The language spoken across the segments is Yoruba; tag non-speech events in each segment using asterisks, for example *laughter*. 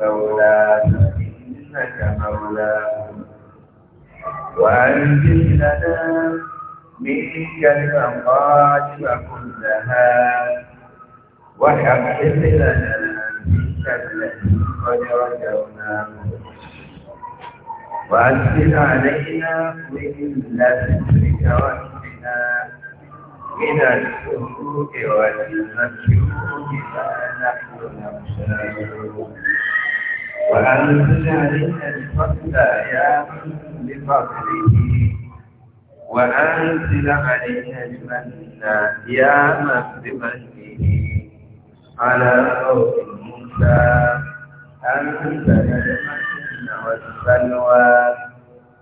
مولانا إنك مولانا وأنزل لنا منك المقالب كلها وحقق لنا منك الذي قد رجوناه وأنزل علينا من لذتك وحدنا من السوء والمكروه فنحن نحن نخشاه وأنزل علينا الفضل يا من بفضله وأنزل علينا المن يا من بمنه على قوم موسى أنزل المن والسلوى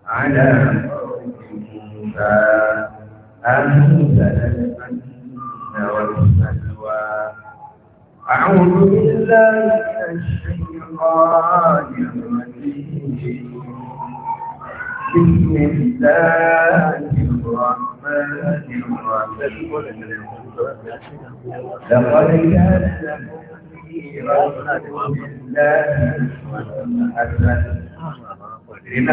على قوم موسى أنزل المن والسلوى أعوذ بالله من الشيطان الشيطان بسم الله الرحمن الرحيم لقد كان لكم في رسول الله حسنة لمن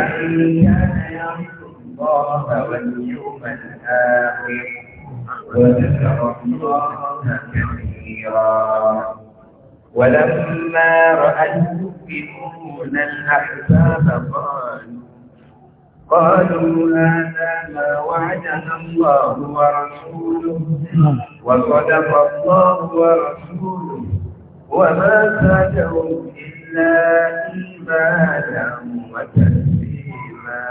كان يعرف الله واليوم الآخر وذكر الله كثيرا ولما رأى المؤمنون الأحزاب قالوا قالوا هذا ما وعدنا الله ورسوله وصدق الله ورسوله وما زادهم إلا إيمانا وتسليما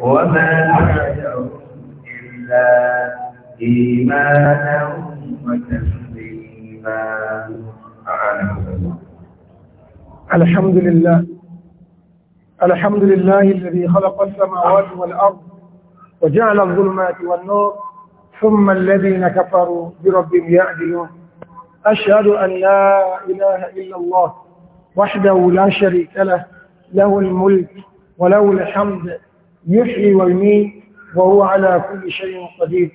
وما زادهم إلا إيمانا وتسليما الحمد لله الحمد لله الذي خلق السماوات والأرض وجعل الظلمات والنور ثم الذين كفروا بربهم يعدلون أشهد أن لا إله إلا الله وحده لا شريك له له الملك وله الحمد يحيي ويميت وهو على كل شيء قدير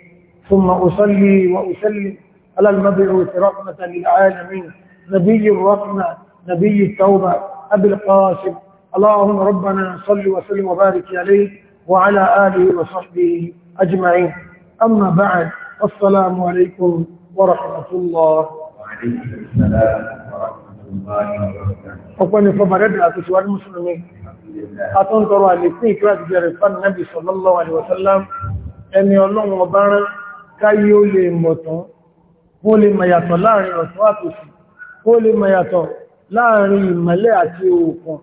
ثم أصلي وأسلم على المبعوث رحمة للعالمين نبي الرحمة نبي التوبة أبي القاسم اللهم ربنا صل وسلم وبارك عليه وعلى آله وصحبه أجمعين أما بعد السلام عليكم ورحمة الله وعليكم السلام ورحمة الله وبركاته أقول فبردنا تسوى المسلمين أتون أتنطروا الاثنين كرات جرفان النبي صلى الله عليه وسلم أن يقولون وبارك كي يولي موتون قولي ما يطلعني وسواتوسي wọ́n lè mayàtọ̀ láàrin ìmọ̀lẹ̀ àti òkun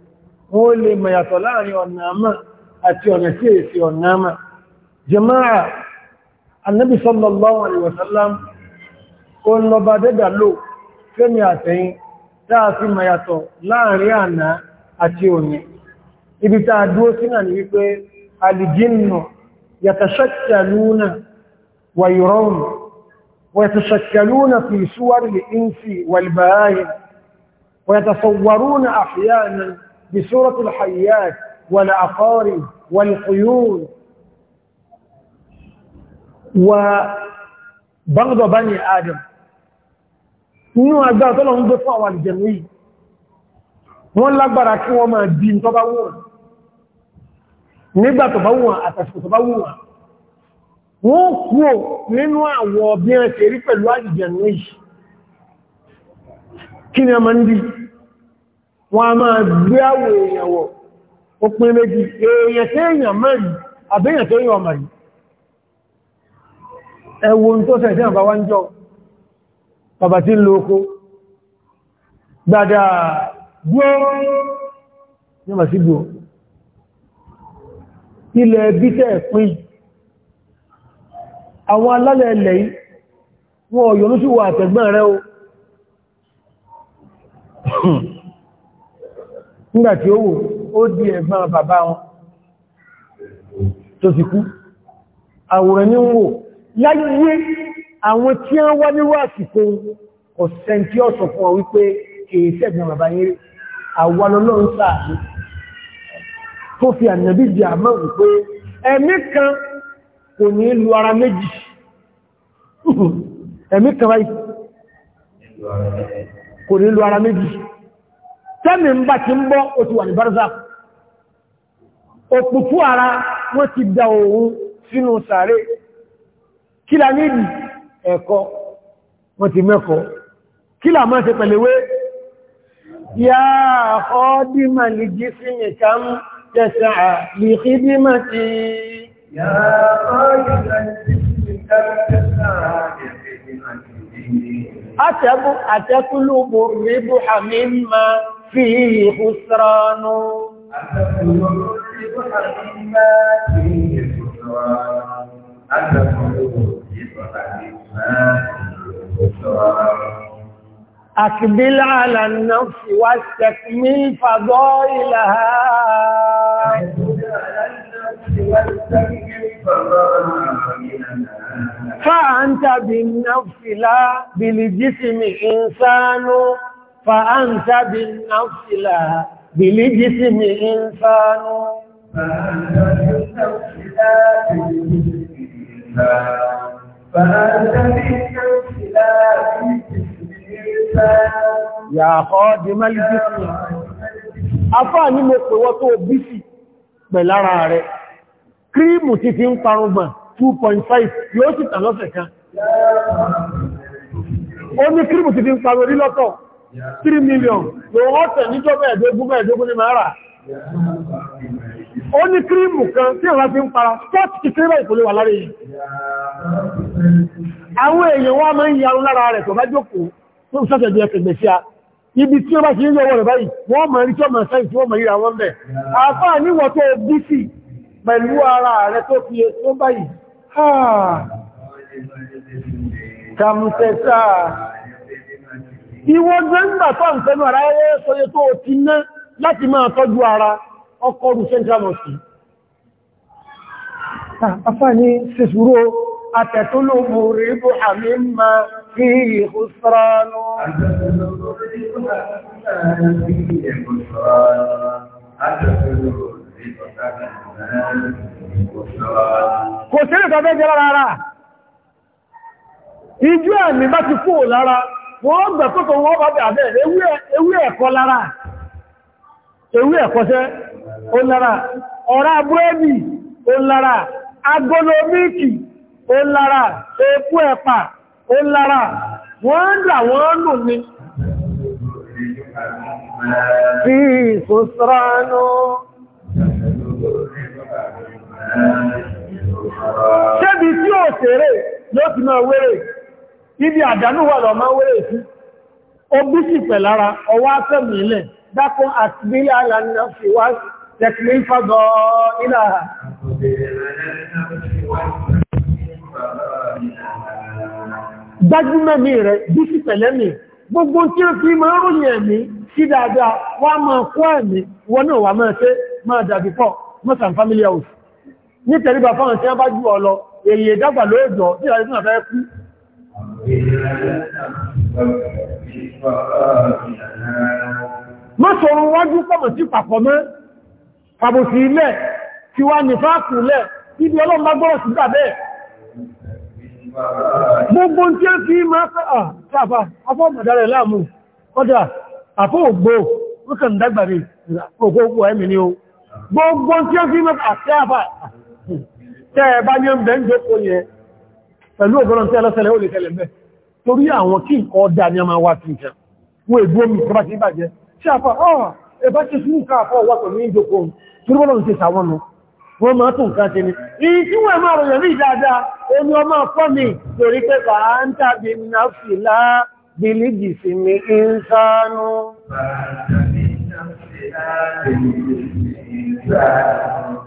wọ́n lè mayàtọ̀ láàrin ọ̀nà àmà àti ọ̀nà tí èsì ọ̀nà àmà jama'a annabi sallallahu alaihi wasallam o ń lọba dẹ́dà lò fẹ́mi àtẹ́yìn táà fi mayàtọ̀ láàrin àná àti òní ibi táà dúó ويتشكلون في سور الإنس والبهائم ويتصورون أحيانا بصورة الحيات والعقارب والقيود وبغض بني آدم إنه أجدت لهم دفع الجميع وأن لبركوا ما الدين تبعون نبت تبعون أتسك تبعون wọ́n kú nínú àwọn ọbí ẹ̀ tẹ̀rí pẹ̀lú àjìjẹ̀nú yìí kí ni a máa ń dí wọ́n a máa gbé àwọ̀ èèyàn wọ̀ òpin méjì èèyàn tẹ́ èèyàn mẹ́rin àbẹ́yàn tẹ́ èèyàn ọmọ yìí ẹwọ́n tó sẹ̀sẹ̀ àbá wá ń jọ bàbá tí ń lo oko gbádà gbọ́ ilẹ̀ bí tẹ́ pín àwọn alálẹ̀ ilẹ̀ yìí wọn ò yọ́nú sí wọ àtẹ̀gbọ́n rẹ̀ o *coughs* nígbàtí ó wò ó di ẹ̀gbọ́n bàbá wọn tó ti kú àwòrán ní wò láyé àwọn tí a wá níwọ́ àsìkò ọ̀sẹ̀ tí fún ọ wípé kìí sẹ́gbọ̀n bàbá yìí àwọlọ́lọ́run sáà tó fi ànàbí ẹ̀mí kan kò ní lu ara méjì ẹ̀mí kan báyìí kò ní lu ara méjì tẹ́mì ń bá ti ń bọ́ o ti wà ní bárzà òpùpù ara wọ́n ti da òun sínú sàárè kí la ẹ̀kọ́ wọ́n ti mẹ́kọ́ kí máa ṣe pẹ̀lẹ̀wé yá ọdí màlìjí sí nìkan tẹ̀sà lè bí máa ti يا طالب الجسم كم تسعى أتطلب الربح مما فيه خسران أكبل الربح مما فيه خسران الربح مما فيه خسران أقبل على النفس واستكمل فضائلها أكبل على فأنت بالنفس لا بالجسم إنسان فأنت بالنفس لا بالجسم إنسان فأنت بالنفس لا إنسان فأنت بالنفس لا إنسان يا خادم الجسم أفاني ní mo pè wọ́n kírímù ti fi ń parúgbà 2.5 yóò sì tàn lọ́sẹ̀ kan ó ní kírímù ti fi ń parú orí lọ́tọ̀ 3 million ló ọ́tẹ̀ níjọba ẹ̀dógún mẹ́ẹ̀dógún ní mara ó ní kírímù kan tí ìwọ́n fi ń para sport ti kírímù ìpòlè wà lára yìí àwọn èèyàn wọ́n máa ń yarun lára rẹ̀ tó bá jókòó tó sọ́tẹ̀ jẹ́ ẹ̀kẹ̀gbẹ̀ sí a ibi tí ó bá ti ń yọwọ́ rẹ̀ báyìí wọ́n mọ̀ rí tí ó mọ̀ sáì tí ó mọ̀ ríra wọ́n bẹ̀ àfáà níwọ̀ tó bí sí pẹ̀lú ara rẹ̀ tó fi èso báyìí háà kàmùsẹ̀sà ìwọ gbẹ́ngbà tó ń tẹnu ara ẹ́ sọye tó ti ná láti máa tọ́jú ara ọkọ̀ rù central mosque afá ní sísúró àtẹ̀túnlòmù rí bó àmì ma kí ìhùsránú àtẹ̀túnlòmù rí bó Kò sí nìkan fẹ́ jẹ́ lára ara. Ijú ẹ̀mí bá ti fò lára, wọ́n gbẹ̀ tó tó wọ́n bá bẹ̀ àbẹ̀ ewé ẹ̀kọ́ lára. Ewé ẹ̀kọ́ ẹ̀kọ́ṣẹ́ ó lára. Ọ̀rá búrẹ́dì ó lára. Agolo míìkì ó lára. Epo ẹ̀pà ó lára. Wọ́n ń dà wọ́n nù ni. Fi ìfòsọ́rọ̀ ṣébi tí ó ṣeré ló ti máa wéré ibi àdánù wà lọ máa wéré sí ogbí sì pẹ̀ lára ọwá fẹ́mì ilẹ̀ dákún àti bílẹ̀ alànà fi wá tẹ̀kìlẹ̀ ìfàgọ́ ilá rẹ̀ bí pẹ̀lẹ́mì gbogbo tí ó fi máa ròyìn ẹ̀mí sí dáadáa wá máa ẹ̀mí wà máa ṣe máa ní tẹ̀ríbà fáwọn tí a bá jù ọlọ èyí ìdágbà ló ẹjọ́ tí a ìsìn àfẹ́ kú má sọ̀rọ̀ wájú pọ̀mọ̀ sí pàpọ̀ mọ́ pàbòsí ilẹ̀ tí wá ní fáàkù lẹ̀ ibi ọlọ́mọgbọ́rọ̀ sí gbàbẹ́ gbogbo tí a fi máa sáà sáàfà afọ́mọ̀dárẹ̀ láàmù kọ́dà àfọ́ ògbò wọ́n kàn dágbàrí ògbò ẹ̀mì ni ó gbogbo tí a fi máa sáàfà tẹ́ ẹ bá ní ọmọdé ń jókòó yẹn pẹ̀lú ògbọ́nà tí ẹlọ́sẹ̀lẹ̀ ó lè tẹ́lẹ̀ mẹ́ torí àwọn kí nǹkan ọdá ní ọmọ wá tún jẹun wọ́n ègbó mi a fà ọ́ ẹbá ti sún nǹkan àfọ́ wà pẹ̀lú ìjókòó torí bọ́lọ̀ ti sàwọn nù wọ́n máa tún nǹkan ṣe ni èyí tí wọ́n máa rọ̀yẹ̀ ní ìdáadáa omi ọmọ fọ́ mi torí pé kà á ń tàbí náfìlá Thank you.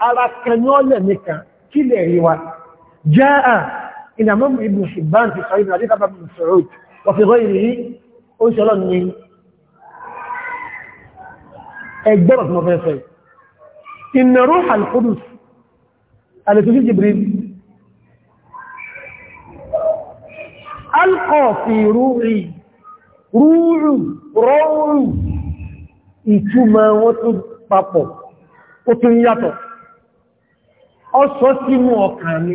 ara kan ní ọ̀nà nìkan kí lè rí wa jẹ́ à ìnàmọ́ ibn Hibban ti sọ ibn adékàbà ibn Saud wọ̀fẹ́gọ́ ìrírí ó ṣọ́lọ́ ní ẹgbẹ́rọ̀ tí mo fẹ́ sọ inna ruh al-Qudus alẹ́tọ́sí Jibril ó tún yàtọ̀ ọsọ sí mú ọkàn ní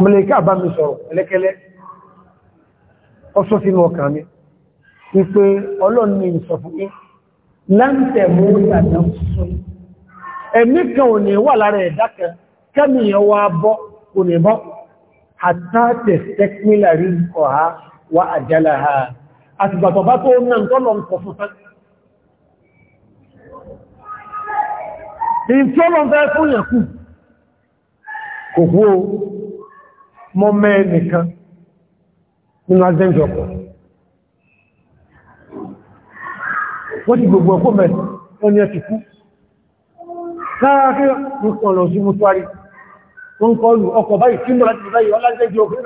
mọ̀lẹ̀ká bá mi sọ̀rọ̀ ẹlẹ́kẹ́lẹ́ ọsọ sí mú ọkàn ní wípé ọlọ́run ni ìsọ̀fún ní láńtẹ̀ mú ìyàdá sún ẹ̀mí kan ò ní wà lára ẹ̀dá kan kẹ́mìyàn wa èyí tí ó lọ fẹ́ fún yẹn kù kò kú o mọ́ mẹ́ẹ̀nìkan nínú azẹ́jọ ọkọ̀ wọ́n ti gbogbo ẹ̀kọ́ mẹ́ wọ́n ni ẹ ti kú káàkiri nǹkan lọ sí mútuari wọ́n kọlù ọkọ̀ báyìí tí mọ́lá báyìí ọlájẹ́jọ ọkọ̀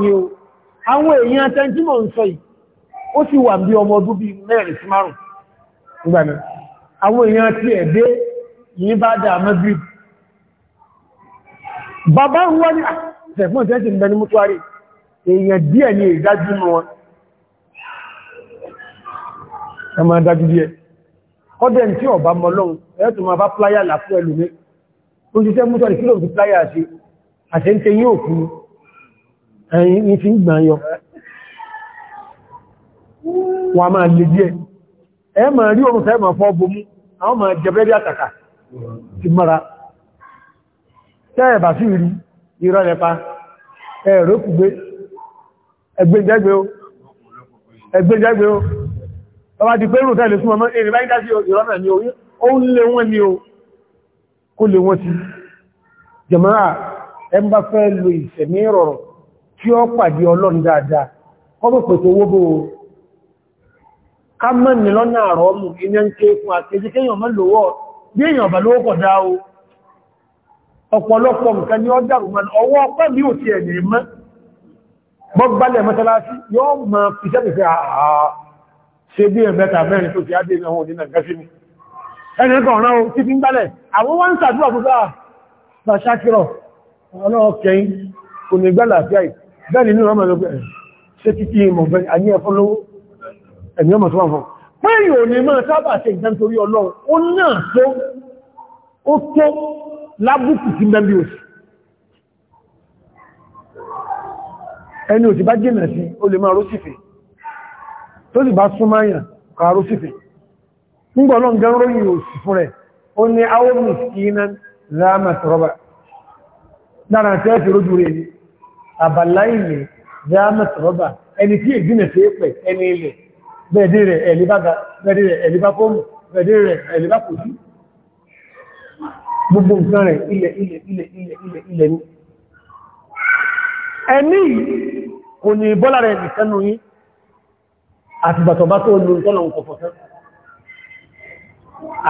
ni o àwọn èèyàn tẹ́ntí mọ̀ ń sọ yìí àwọn èèyàn tí ẹ̀dẹ́ yìí bá dà mẹ́bí bàbá ń ah, wọ́n ní àtẹ̀fún tẹ́sì ń bẹ ní mútuwárí èèyàn díẹ̀ ní ìdájú mú wọn ẹ máa dájú díẹ̀ ọdẹ̀ tí ọba mọ́lọ́un ẹ̀ẹ́tù máa bá pláyà làfú ẹlùmí ó ti tẹ́ mútuwárí kílò fi pláyà sí àtẹ́ntẹ́ yóò kú ẹ̀yìn fi ń gbà yọ wọ́n máa le díẹ̀ ẹ máa rí oòrùn fẹ́ máa fọ́ bomú àwọn máa jẹ bẹ́rẹ́ àtàkà ti mara tẹ́ẹ̀bà sí rí irọ́ lẹ́pa ẹ̀rọ kùgbé ẹgbẹ́jẹ́gbẹ́ o ọba ti pé rùn tẹ́lẹ̀ súnmọ́ náà ni ó ń wọ́n ni kó lè wọ́n ti ká mọ́ ní lọ́nà àrọ́ mú iná ń ké fún àkéjì kéèyàn mọ́ lówọ́ bí èèyàn bà lówó pọ̀dá o ọ̀pọ̀lọpọ̀ nǹkan ni ó dàrú mọ́ ọwọ́ ọpẹ́ mi ò ti ẹ̀mì mọ́ gbọ́gbálẹ̀ mọ́sálásí yóò mọ́ fìṣẹ́fìṣẹ́ àà ṣe bí ẹ̀mẹ́ta mẹ́rin tó ti á dé ẹ̀hùn nínú gẹ́sí mi ẹni kan rán o ti fi ń gbálẹ̀ àwọn wọ́n ń sàdúrà fún sáà ẹ̀mí ọmọ tó wà fún pé yóò ní máa sábà ṣe ìdán torí ọlọ́run ó náà tó ó tó lábùkù sí mẹ́bí òsì ẹni òsì bá jìnà sí ó lè máa rósìfẹ́ tó sì bá súnmáyàn ká rósìfẹ́ nígbọ̀ náà gẹ́rọ yìí fún rẹ̀ ó ní áwọ́mù sí iná láàmà tí èjìnà sí ẹni ilẹ̀ bẹ̀ẹ̀dẹ̀ rẹ̀ ẹ̀lẹ́bàgà bẹ̀ẹ̀dẹ̀ rẹ̀ ẹ̀lẹ́bàkọ́mù bẹ̀ẹ̀dẹ̀ rẹ̀ ẹ̀lẹ́bàkòsí gbogbo nǹkan rẹ̀ ilẹ̀ ilẹ̀ ilẹ̀ ilẹ̀ ilẹ̀ ilẹ̀ ní ẹni kò ní bọ́lá rẹ̀ nìkanú yí àti bàtọ̀bá tó lórí tọ́lọ̀ kọfọ̀fẹ́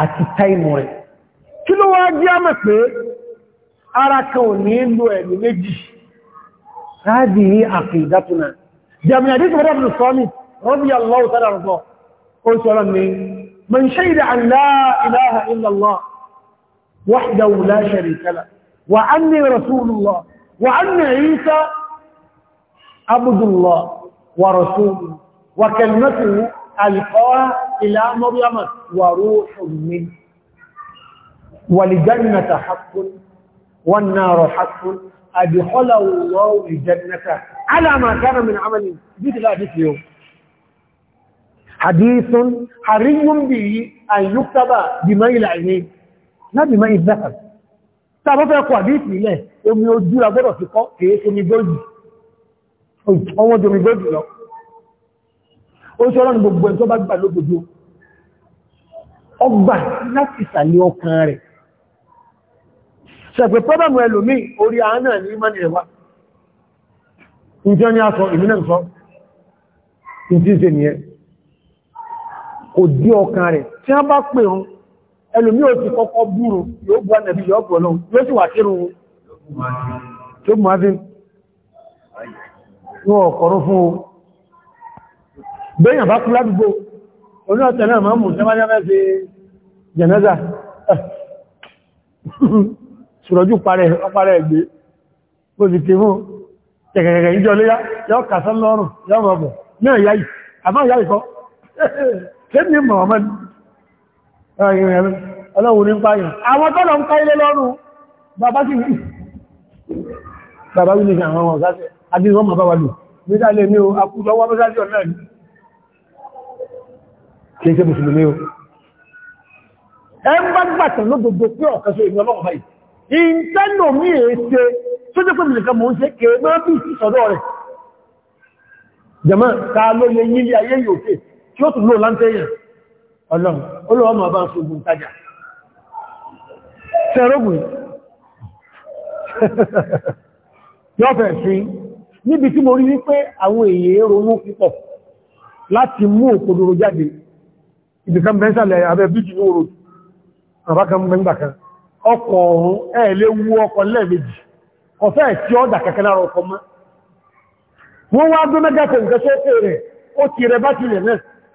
àti táìmù rẹ̀ kí ló wá jẹ́ àmà pé ara kan ò ní lo ẹ̀mí méjì sáàdì ní àkìdátúnà jẹ́mìnà رضي الله تعالى رضاه قلت رمي من شهد أن لا إله إلا الله وحده لا شريك له وعني رسول الله وعني عيسى عبد الله ورسوله وكلمته ألقاها إلى مريم وروح منه ولجنة حق والنار حق أدخله الله لجنته على ما كان من عمل لا جيت اليوم حديث حري به أن يكتب بميل عينيه لا بميل ذكر tàbí fẹ́ kọ àdíìsì ilẹ̀ omi ojú agbọ́dọ̀ ti kọ́ kèé omi góòjì ọwọ́n jẹ́ omi góòjì lọ ó ṣe ọlọ́run gbogbo ẹ̀tọ́ bá gbà lógbòdó ọgbà láti ìsàlẹ̀ ọkàn rẹ̀ ṣẹ̀pẹ̀ pọ́bẹ̀mù ẹlòmí orí àánà ní mọ́ni ẹ̀wà ìjọ ni a sọ ìmínà sọ ìjíṣẹ́ nìyẹn kò dí ọkàn rẹ̀ tí wọ́n bá pè hàn ẹlòmí ò ti kọ́kọ́ búrò yóò bú ànàbí yóò pọ̀ lọ yóò sì wà kírùn tó mú adé wọn ọ̀kọ̀rọ̀ fún o bẹ́yàn bá kú ládùgbò oní ọ̀tẹ̀ náà máa mú jẹ́májáfẹ́ sí jẹ̀nẹ́zà ṣùrọ̀jú parẹ́ ẹgbẹ́ bó ti kìí kẹ̀kẹ̀kẹ̀ ìjọ léyá yọ́ kàsán lọ́rùn yọ́ mọ̀ bọ̀ náà yáyì àmọ́ yáyì kọ́ tẹ́bí Muhammad ọlọ́run ní páyàn àwọn tọ́lọ ń káyílé lọ́rùn bàbá sí ní bàbá wí ní àwọn ọmọ ọ̀sáṣẹ́ adínwọ́n bàbá wà lò nígbàlẹ̀ ní o akúlọ́wọ́ mẹ́sáṣẹ́ ọ̀nà ní kí ṣe mùsùlùmí o ẹ ń bá gbàtàn ló gbogbo pé ọ̀kan ṣe ìlú ọlọ́run báyìí ìtẹ́lò mí èṣe tó jẹ́ pé tí ó tún lò láńtẹ́yìn ọlọ́run olóòwò ma bá ń ṣogun tajà ṣẹ̀rọ̀gùn yọ́fẹ̀ *laughs* sí níbi tí mo rí wípé àwọn èèyàn ronú púpọ̀ láti mú òkòdòrò jáde ibìkan bẹ́ńsàlẹ̀ abẹ́ bíjì ní òrò àbákan mẹ́gbàkan ọkọ̀ ọ̀run ẹ̀ẹ́lé wú ọkọ̀ lẹ́ẹ̀mejì ọ̀fẹ́ tí ó dà kẹ́kẹ́ lára ọkọ̀ mọ́ wọ́n wá dó mẹ́gbàkan nǹkan sókè rẹ̀ ó ti rẹ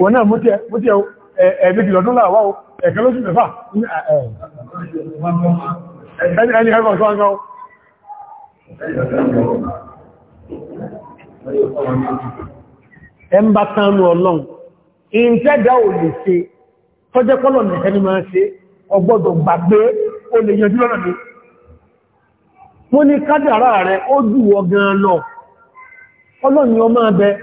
wọ́n náà mú tí ẹ̀ẹ̀mẹ́jì lọ́dún láàwá o ẹ̀kẹ́ ló sì mẹ́fà ẹni ẹgbọ̀n sọ ọjọ́ ẹmbá tánú ọlọ́run ìntẹ́dà ò lè ṣe tọ́jẹ́ kọ́lọ̀ nìkan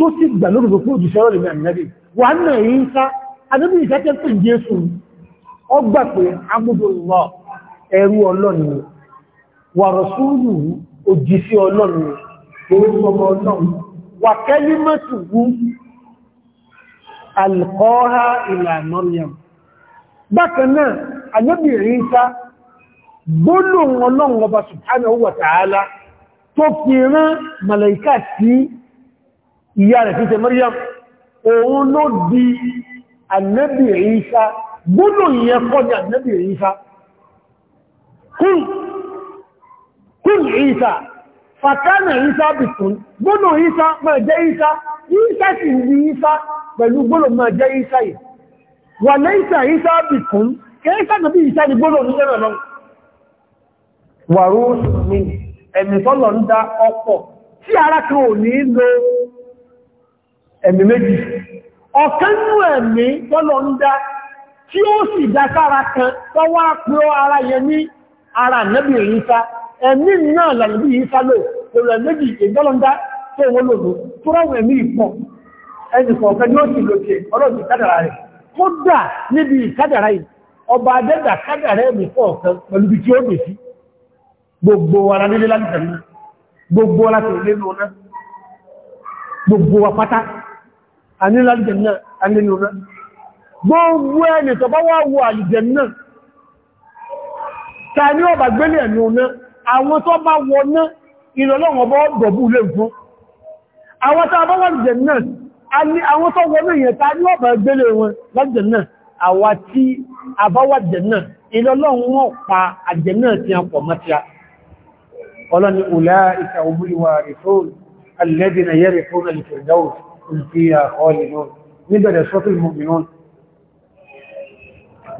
tó ti gbà lórí gbogbo òjìṣẹ́ ọ̀rọ̀ ìrìn àmìnàbí wà náà yí ń sá adébí ìsákẹ́ pè jésù ọgbà pé agbódòlọ́ ẹrú ọlọ́ni wà rọ̀súrù òjìṣẹ́ ọlọ́ni orúkọmọ ọlọ́run ọba tó rán ìyá rẹ̀ fi ṣe Maryam òun ló di ànábì Ìsá gbónà ìyẹn kọ́ ní kún gbónà sì ní pẹ̀lú gbónà ni ní ń dá tí ara kan ò ní ẹ̀mí méjì ọ̀kan nú ẹ̀mí tọ́lọ ń dá tí ó sì dá sára kan tó wá pé ó ara yẹ ní ara nẹ́bì ìyíká ẹ̀mí náà lànàbí ìyíká lò pẹ̀lú ẹ̀mẹ́jì ìgbọ́lọ ń dá tó wọ́n lòdó tó rọrùn ẹ̀mí ìpọ̀ ni ó sì lòdì ọlọ́dún kádàrà rẹ̀ kódà níbi ìkádàrà yìí ọba adẹ́dà kádàrà ẹ̀mí kọ̀ọ̀kan pẹ̀lú ibi tí ó dè sí gbogbo ara nílé ànílá àlìjẹ̀nà ànílùrá gbogbo ẹni tó bá wá wo àlìjẹ̀nà ta ní ọba gbélé ẹ̀nù ọ̀nà àwọn tó bá wọná ìrọlọ́wọ́ bọ́ dọ̀bú lè fún àwọn tó bá àlìjẹ̀nà àwọn tó wọná ìyẹn ta ní ọba gbélé wọn lọ́jẹ̀nà àwa tí àbáwàjẹ̀nà ìrọlọ́wọ́ pa àjẹ̀nà ti àpọ̀ هم فيها خالدون نبدأ سورة المؤمنون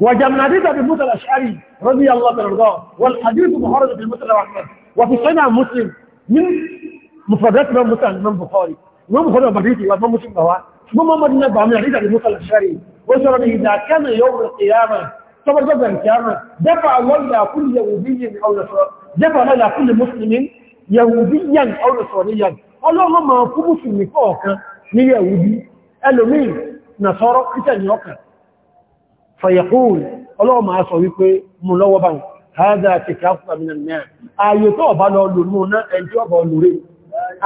وجمدت بموسى الأشعري رضي الله عنه رضاه والحديث مخرج في المسلم أحمد وفي صنع مسلم من مفردات من مسلم من بخاري من بخاري وبريدي ومن مسلم بوان ثم محمد نبع من حديث بموسى الأشعري به إذا كان يوم القيامة طبعا جبل القيامة دفع الله إلى كل يهودي أو نصر دفع الله إلى كل مسلم يهوديا أو نصرانيا اللهم ما كل مسلم ní yẹ̀wùdí ẹlòmíì nàṣọ́rọ̀ kìtẹ̀ ní ọkà fàyẹ̀kùn ọlọ́wọ́ máa sọ wípé mú lọ́wọ́ bá hádá ti káfà mìíràn náà ààyè tó ọba lọ lò mú náà ẹjọ́ ọba olùrẹ́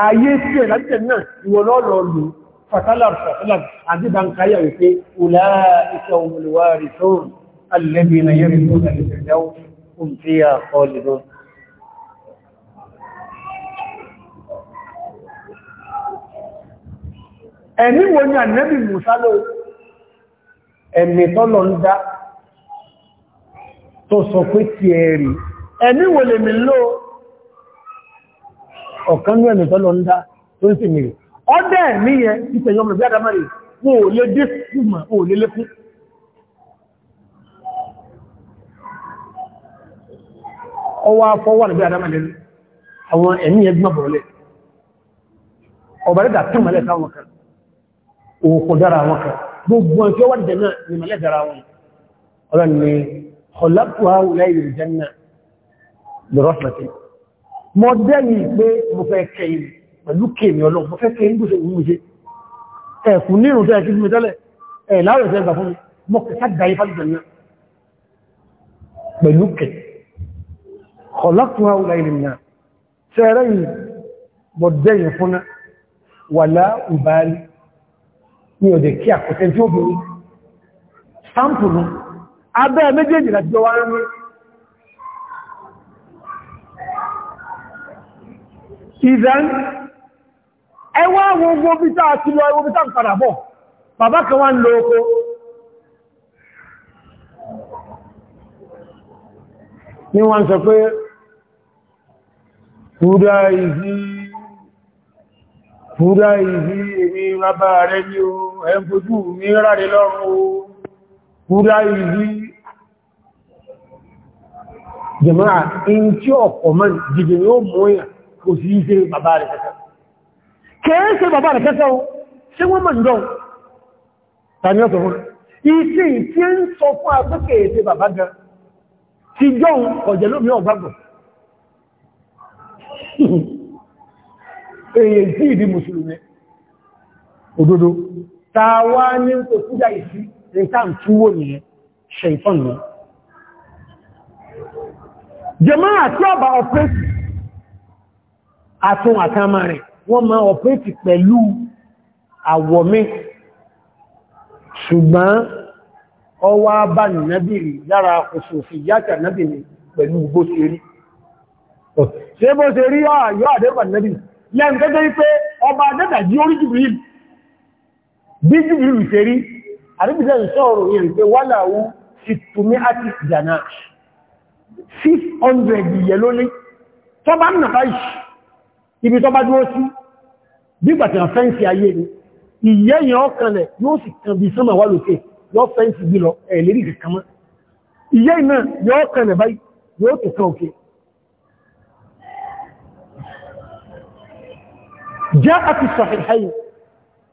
ààyè tí ẹ̀ láti náà ìwọ lọ́lọ́ lò fàtàlà ẹ̀mí wo ni ànẹ́bì Mùsá ló ẹ̀mí tọ́lọ ń dá tó sọ pé ti ẹ̀rì ẹ̀mí wo lè mi ló ọ̀kan ní ẹ̀mí tọ́lọ ń dá tó sì mìí ọdẹ́ ẹ̀mí yẹ ìtẹ̀yọmọ̀ bí adamari wo lè dé fúnmà wo lè lé fún ọwọ́ afọ́wà níbi adamari àwọn ẹ̀mí ẹgbọ́n bọ̀rọ̀lẹ̀ ọ̀bàrídà òkun dára wọn kan gbogbo ọjọ́ wà jẹ́nà ni mẹ́lẹ́ dára wọn ọ̀rọ̀ ni ọ̀lápùháwù lẹ́yìn jẹ́nà lọ́rọ̀fẹ́tì mọ́ dẹ́yìn pé mo fẹ́ kẹyìn pẹ̀lú kèmì ọlọ́run mo fẹ́ kẹyìn gbọ́sẹ̀ ìwúṣe ẹ̀kùn nírùn tẹ́ kí mi tẹ́lẹ̀ ẹ̀ láàrẹ̀ tẹ́ gbà wàlá ìbáyìí ní ọdẹ̀ kí àkọsẹ̀ tí ó bí sáàmpùlù abẹ́ méjèèjì láti jọ wá ń rí ìzẹ́n ẹwà àwọn ogun bí sáà ti lọ ẹwọ́ bí sáà padà bọ̀ bàbá kan wá ń lo oko ní wọ́n sọ pé fúdá ìzí fúdá ìzí èmi rábà rẹ̀ ní oó ẹ̀ ń fojú mi ráre lọ́rùn o kúrá ìrí jẹ̀máà in tí ọ̀pọ̀ mọ́ jìdì yóò mú èèyàn kò sí ṣe bàbá rẹ̀ kẹta kìí ṣe bàbá rẹ̀ kẹta o ṣe wọ́n mọ̀ ń dán tàbí ọ̀tọ̀ fún iṣẹ́ tí ń sọ fún agbẹ́kẹ̀ èdè bàbá ìdí *laughs* mùsùlùmí òdodo tàwà ní kò fúdá ìsí nǹkan túwò ní ṣẹ̀ìtàn ní jẹmọ́ àti ọba ọ̀pẹ́tì àtún àtàmà rẹ̀ wọ́n ma ọ̀pẹ́tì pẹ̀lú àwọ̀mí ṣùgbọ́n ọwá bá nìnàbìrì lára òṣòfì yàtà nàbìrì pẹ̀lú bó ṣe rí ṣe bó ṣe rí ọ̀yọ́ bí jùbìlù ṣe rí àríbìsẹ̀ ìṣọ́rọ̀ ìrìn pé wà láwú ti túnmí àti ìjànà 600 ìyẹ lólé tó bá ń nàfà ìṣì ibi tó bá dúró sí bígbàtí na fẹ́ǹsì ayé ni ìyẹ́ yẹn ọkànlẹ̀ yóò sì kan bí sánmà wà lókè yọ fẹ́ǹsì bí lọ ẹ̀lérí kàkàmá ìyẹ́ iná yọ ọkànlẹ̀ báyìí yóò tó kan òkè jẹ́ àti sọ̀hìn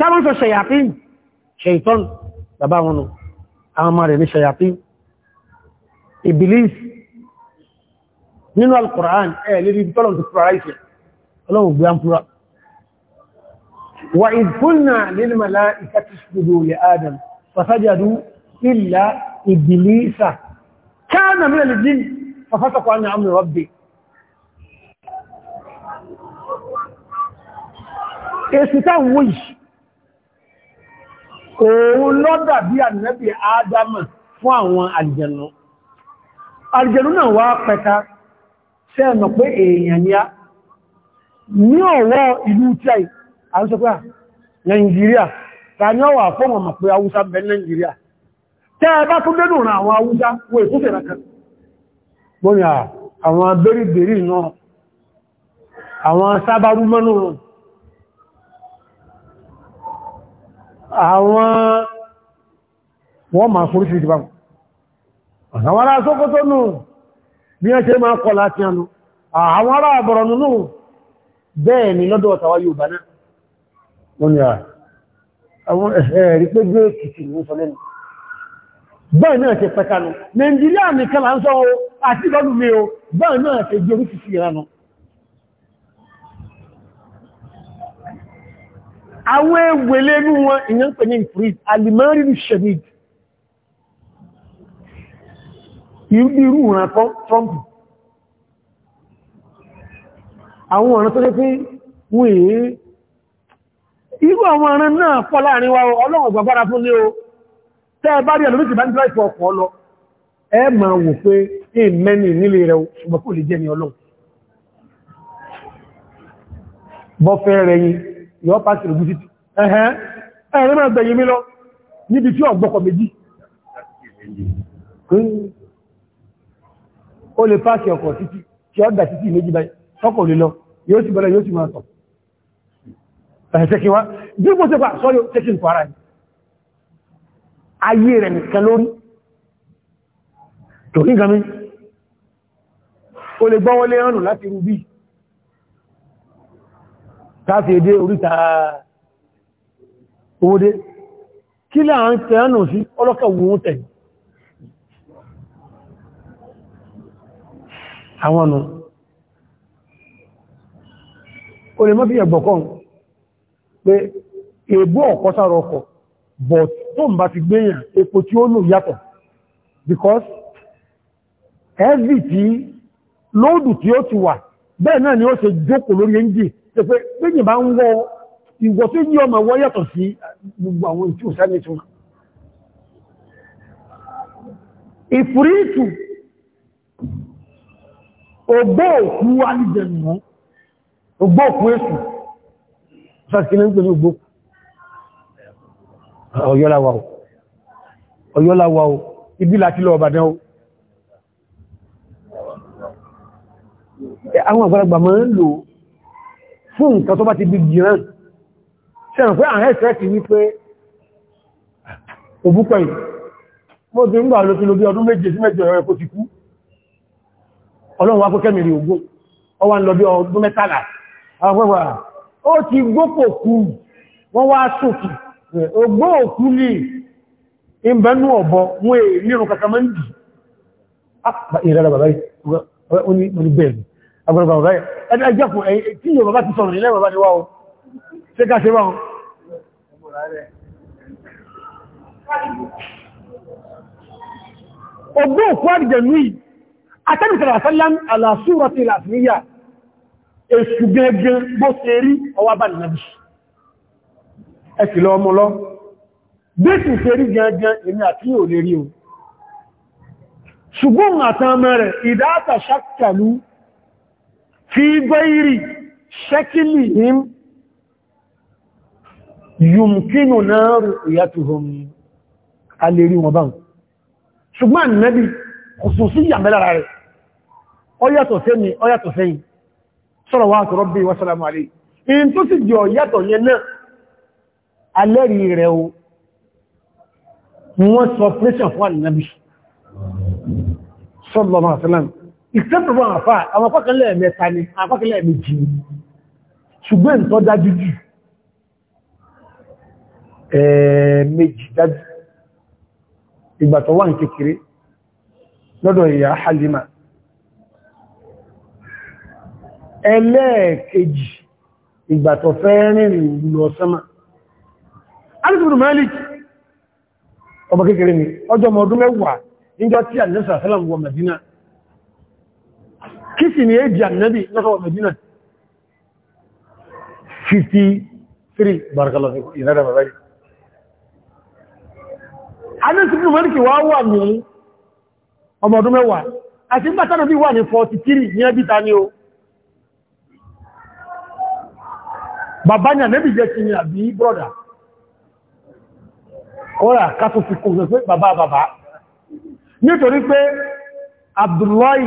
táwọn sọ ṣẹ̀yàpín ṣẹ̀ìtọ́n bàbá wọn nù àwọn ọmọ rẹ̀ ní ṣẹ̀yàpín Iblis nínú al-Qur'an ẹ̀ lérí tọ́lọ̀ ti pluralize ọlọ́run gbé àmplura wa idh qulna lil mala'ikati isjudu li Adam fasajadu òun lọ dàbí ànábì ádámà fún àwọn àlìjẹ̀nù àlìjẹ̀nù náà wá pẹta ṣe ẹ̀nà pé èèyàn ni a ní ọ̀wọ́ ìlú tíáì a ń sọ pé nàìjíríà ta ní ọwà fọ́mọ̀ mọ̀ pé awúsá bẹ nàìjíríà tẹ́ ẹ bá tún dénú ràn àwọn awúsá wo ìtúnṣẹ̀ kankan gbọ́nà àwọn abẹ́rìbẹ̀rì náà àwọn sábárúmọ́nù náà àwọn wọ́n máa fúrú sí ìdìbàmù àwọn ará Sókótó nù bí wọ́n ṣe máa kọ́ láti ànú àwọn ará àbọ̀rọ̀ nù bẹ́ẹ̀ ni lọ́dọ̀ ọ̀tàwà Yorùbá náà wọ́n ni àwọn ẹ̀rí pé gbé kìtì ní sọ lẹ́nu bẹ́ẹ̀ náà ṣe pẹ́kanu Nàìjíríà nìkan là ń sọ àti lọ́dún àwọn ewèlé inú wọn ìyàn pè ní ìfúríd alìmọ́rí ní ṣẹ̀mìd irú ìran kan trump àwọn ọ̀ràn tó lé pé wọ́n èé irú àwọn ọ̀ràn náà pọ̀ láàrin wa ọlọ́run gbàgbára fún lé o tẹ́ bá rí ẹ̀lú méjì bá ń dráìfù ọkọ̀ ọlọ ẹ ma wò pé ní mẹ́ni nílé rẹ̀ ṣùgbọ́n kò lè jẹ́ ni ọlọ́run bọ́fẹ́ rẹ̀ yìí yọ pàṣẹ ìlú títì ẹ̀hẹ́ ẹ̀rẹ́ máa gbẹ̀yìn mi lọ níbi tí ọ̀gbọ́kọ̀ méjì ó lè pàṣẹ ọkọ̀ títì tí ó dà títì méjì báyìí tọ́kọ̀ lè lọ yóò sì bẹ̀rẹ̀ yóò sì máa tọ̀ ẹ̀ẹ́sẹ̀kíwá bí mo sẹ́pà sọ́yọ́ tẹ́kì nǹkan ara ayé rẹ̀ nìkan lórí tò ní gami o lè gbọ́wọ́lé ránù láti rubí táàfi èdè oríta owódé kí láà ń tẹ́ ánà sí ọlọ́kẹ̀ wọ́n tẹ̀ àwọn ọ̀nà o lè mọ́ fi ẹ̀gbọ̀kan pé èbó ọ̀kọ́ sára ọkọ̀ but tó ń bá ti gbéyàn epo tí ó lò yàtọ̀ because every tí lóòdù tí ó ti wà bẹ́ẹ̀ náà ni ó ṣe jókòó lórí ẹ́ńjì pé méjì bá ń wọ ìwọ̀ tó yí ọmọ wọ́ yàtọ̀ sí gbogbo àwọn ìtí ò sáré tún ìfúrítù ògbó òkú alìjẹ̀nà ògbó òkú èsù sàkílẹ̀ ń pè ní ògbó ọ̀yọ́láwà ò ọ̀yọ́láwà ò ibi láti lọ ọ̀bàdán ò àwọn àgbàlagbà máa ń lò fún nǹkan tó bá ti gbígbì rán ṣẹ̀rùn pé àwọn ẹ̀ṣẹ́ ti wípé òbúpẹ̀yìn mo ti ń gbà ló ti lo bí ọdún méje sí mẹ́jọ ẹ̀rọ ẹ̀kọ́ ti kú ọlọ́run wá kó kẹ́mìrì ogún ọ wá ń lọ bí ọdún mẹ́tàlá ó ti gbópò kú wọ́n wá sókè ògbó òkú ní ìbẹ̀nú ọ̀bọ wọ́n è nírùn kàkàmẹ́ndì ẹ̀dá ìjẹ́kùn tí yóò bá ti sọ̀rọ̀ nílẹ̀ bàbá ni wá o ṣe ká ṣe wáhùn ọgbọ́n òkú àdìjẹ̀nú yìí atẹ́bìtàrà sálám àlàsúrọ̀ ti làfíyà èṣù gẹ́gẹ́ bó ṣe rí ọwá bá nìyàbí ẹ̀sì lọ ọmọ lọ bí sì ṣe rí gẹ́gẹ́ èmi àti yóò lè rí o ṣùgbọ́n àtàmẹ́rẹ̀ ìdáta ṣàkàlú fi gbẹ́ìrì ṣẹ́kìlì him yùmkínù náà ìyàtùhùn alérí wọn báhùn ṣùgbọ́n nẹ́bí kùsù sí yàmẹ́lára rẹ̀ ọyàtọ̀ sẹ́mi ọyàtọ̀ sẹ́yìn sọ́rọ̀ wá àtọ̀rọ̀ bí wọ́sàlámù alé in tó sì jọ yàtọ̀ yẹn náà alẹ́rí rẹ̀ o wọ́n sọ pẹ́sàn fún ànìyàn bí sọ́lọ́mà àtàlámù ìsẹ́pù fún àfá àwọn apákanlẹ̀ mẹ́ta ni apákanlẹ̀ méjì ni ṣùgbọ́n ìtọ́ dájú jù ẹ̀ẹ̀mẹ́jì dájú ìgbàtọ̀ wà ní kékeré lọ́dọ̀ ìyá Halima ẹlẹ́ẹ̀kejì ìgbàtọ̀ fẹ́ rìnrìn lọ sánmà ọmọ kékeré ni ọjọ́ ọmọ ọdún mẹ́wàá níjọ́ kí sì ní èjì ànábì lọ́sọ̀wọ̀ Medina 53 barakallahu fikum ìrẹ́dà bàbá yìí Anas ibn Malik wá wà ní ọmọ ọdún mẹ́wàá àti ń bàtà nàbí wà ní 43 ní ẹbí ta ní o bàbá ní ànábì jẹ́ kí ni àbí brọ́dà kọ́rà kásò fi kò nítorí pé Abdullahi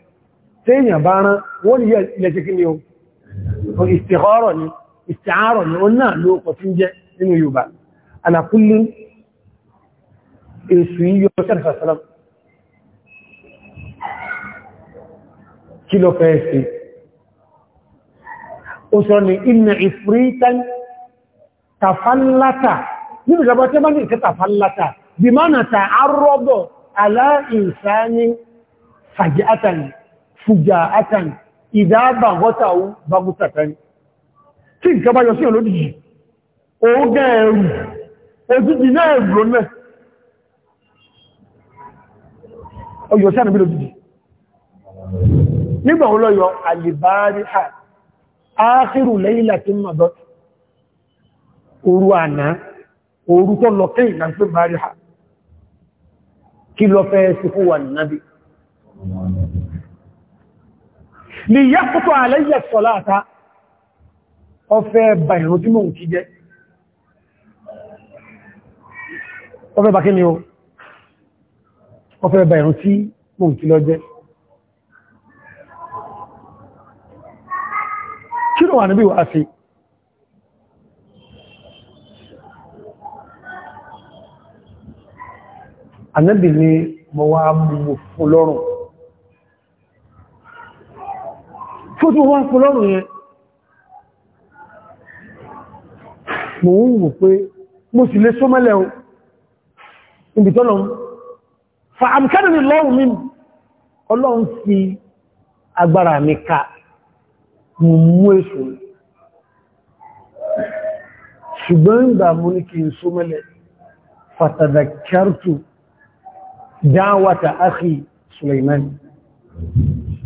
téèyàn bá rán wọ́n ni ilẹ̀ ṣe kí ni o ìsìkọ́rọ̀ ni ìsìárọ̀ ni ó náà ló kọ̀ tí ń jẹ́ nínú Yorùbá alákúlé èsù yíyọ sẹ́rẹ̀sàsàlá kí lọ fẹ́ ṣe ó sọ ni inna ìfrítan fùjà átàn ìdáàbà wọ́tàwó bagútàtàrí tí nǹkan bá yọ sí ọlódìjì òun gẹ́ ẹ̀rù ojújì náà ẹ̀rù lónà ọyọ̀ sí ànàbí lójújì nígbà wọn lọ́yọ̀ àlìbárí áàkìrù lẹ́yìnlá tí mọ̀dọ́ òru àná òru tó lọ kẹ́ ìlànà tó bá ha kí lọ fẹ́ sí fún wà nàbí lè yàkútọ̀ àlẹ́yẹ sọ́láta ọfẹ́ bà ìrùn tí mò ń kí jẹ́ ọfẹ́ bà kí ni o ọfẹ́ bà ìrùn tí mò ń kí lọ jẹ́ kí ló wà níbi wà sí Ànábì ni mo wá mú fún lọ́rùn tó tó wá fún lọ́rùn yẹn mo ń wò pé mo sì lè sómẹ́lẹ̀ o ibi tọ́lọ fa àmìkẹ́rin ni lọ́rùn mi ọlọ́run fi agbára mi ká mo mú èṣù ṣùgbọ́n ìgbà mú ní kí n sómẹ́lẹ̀ fatadakartu dáwàtà áhì Suleiman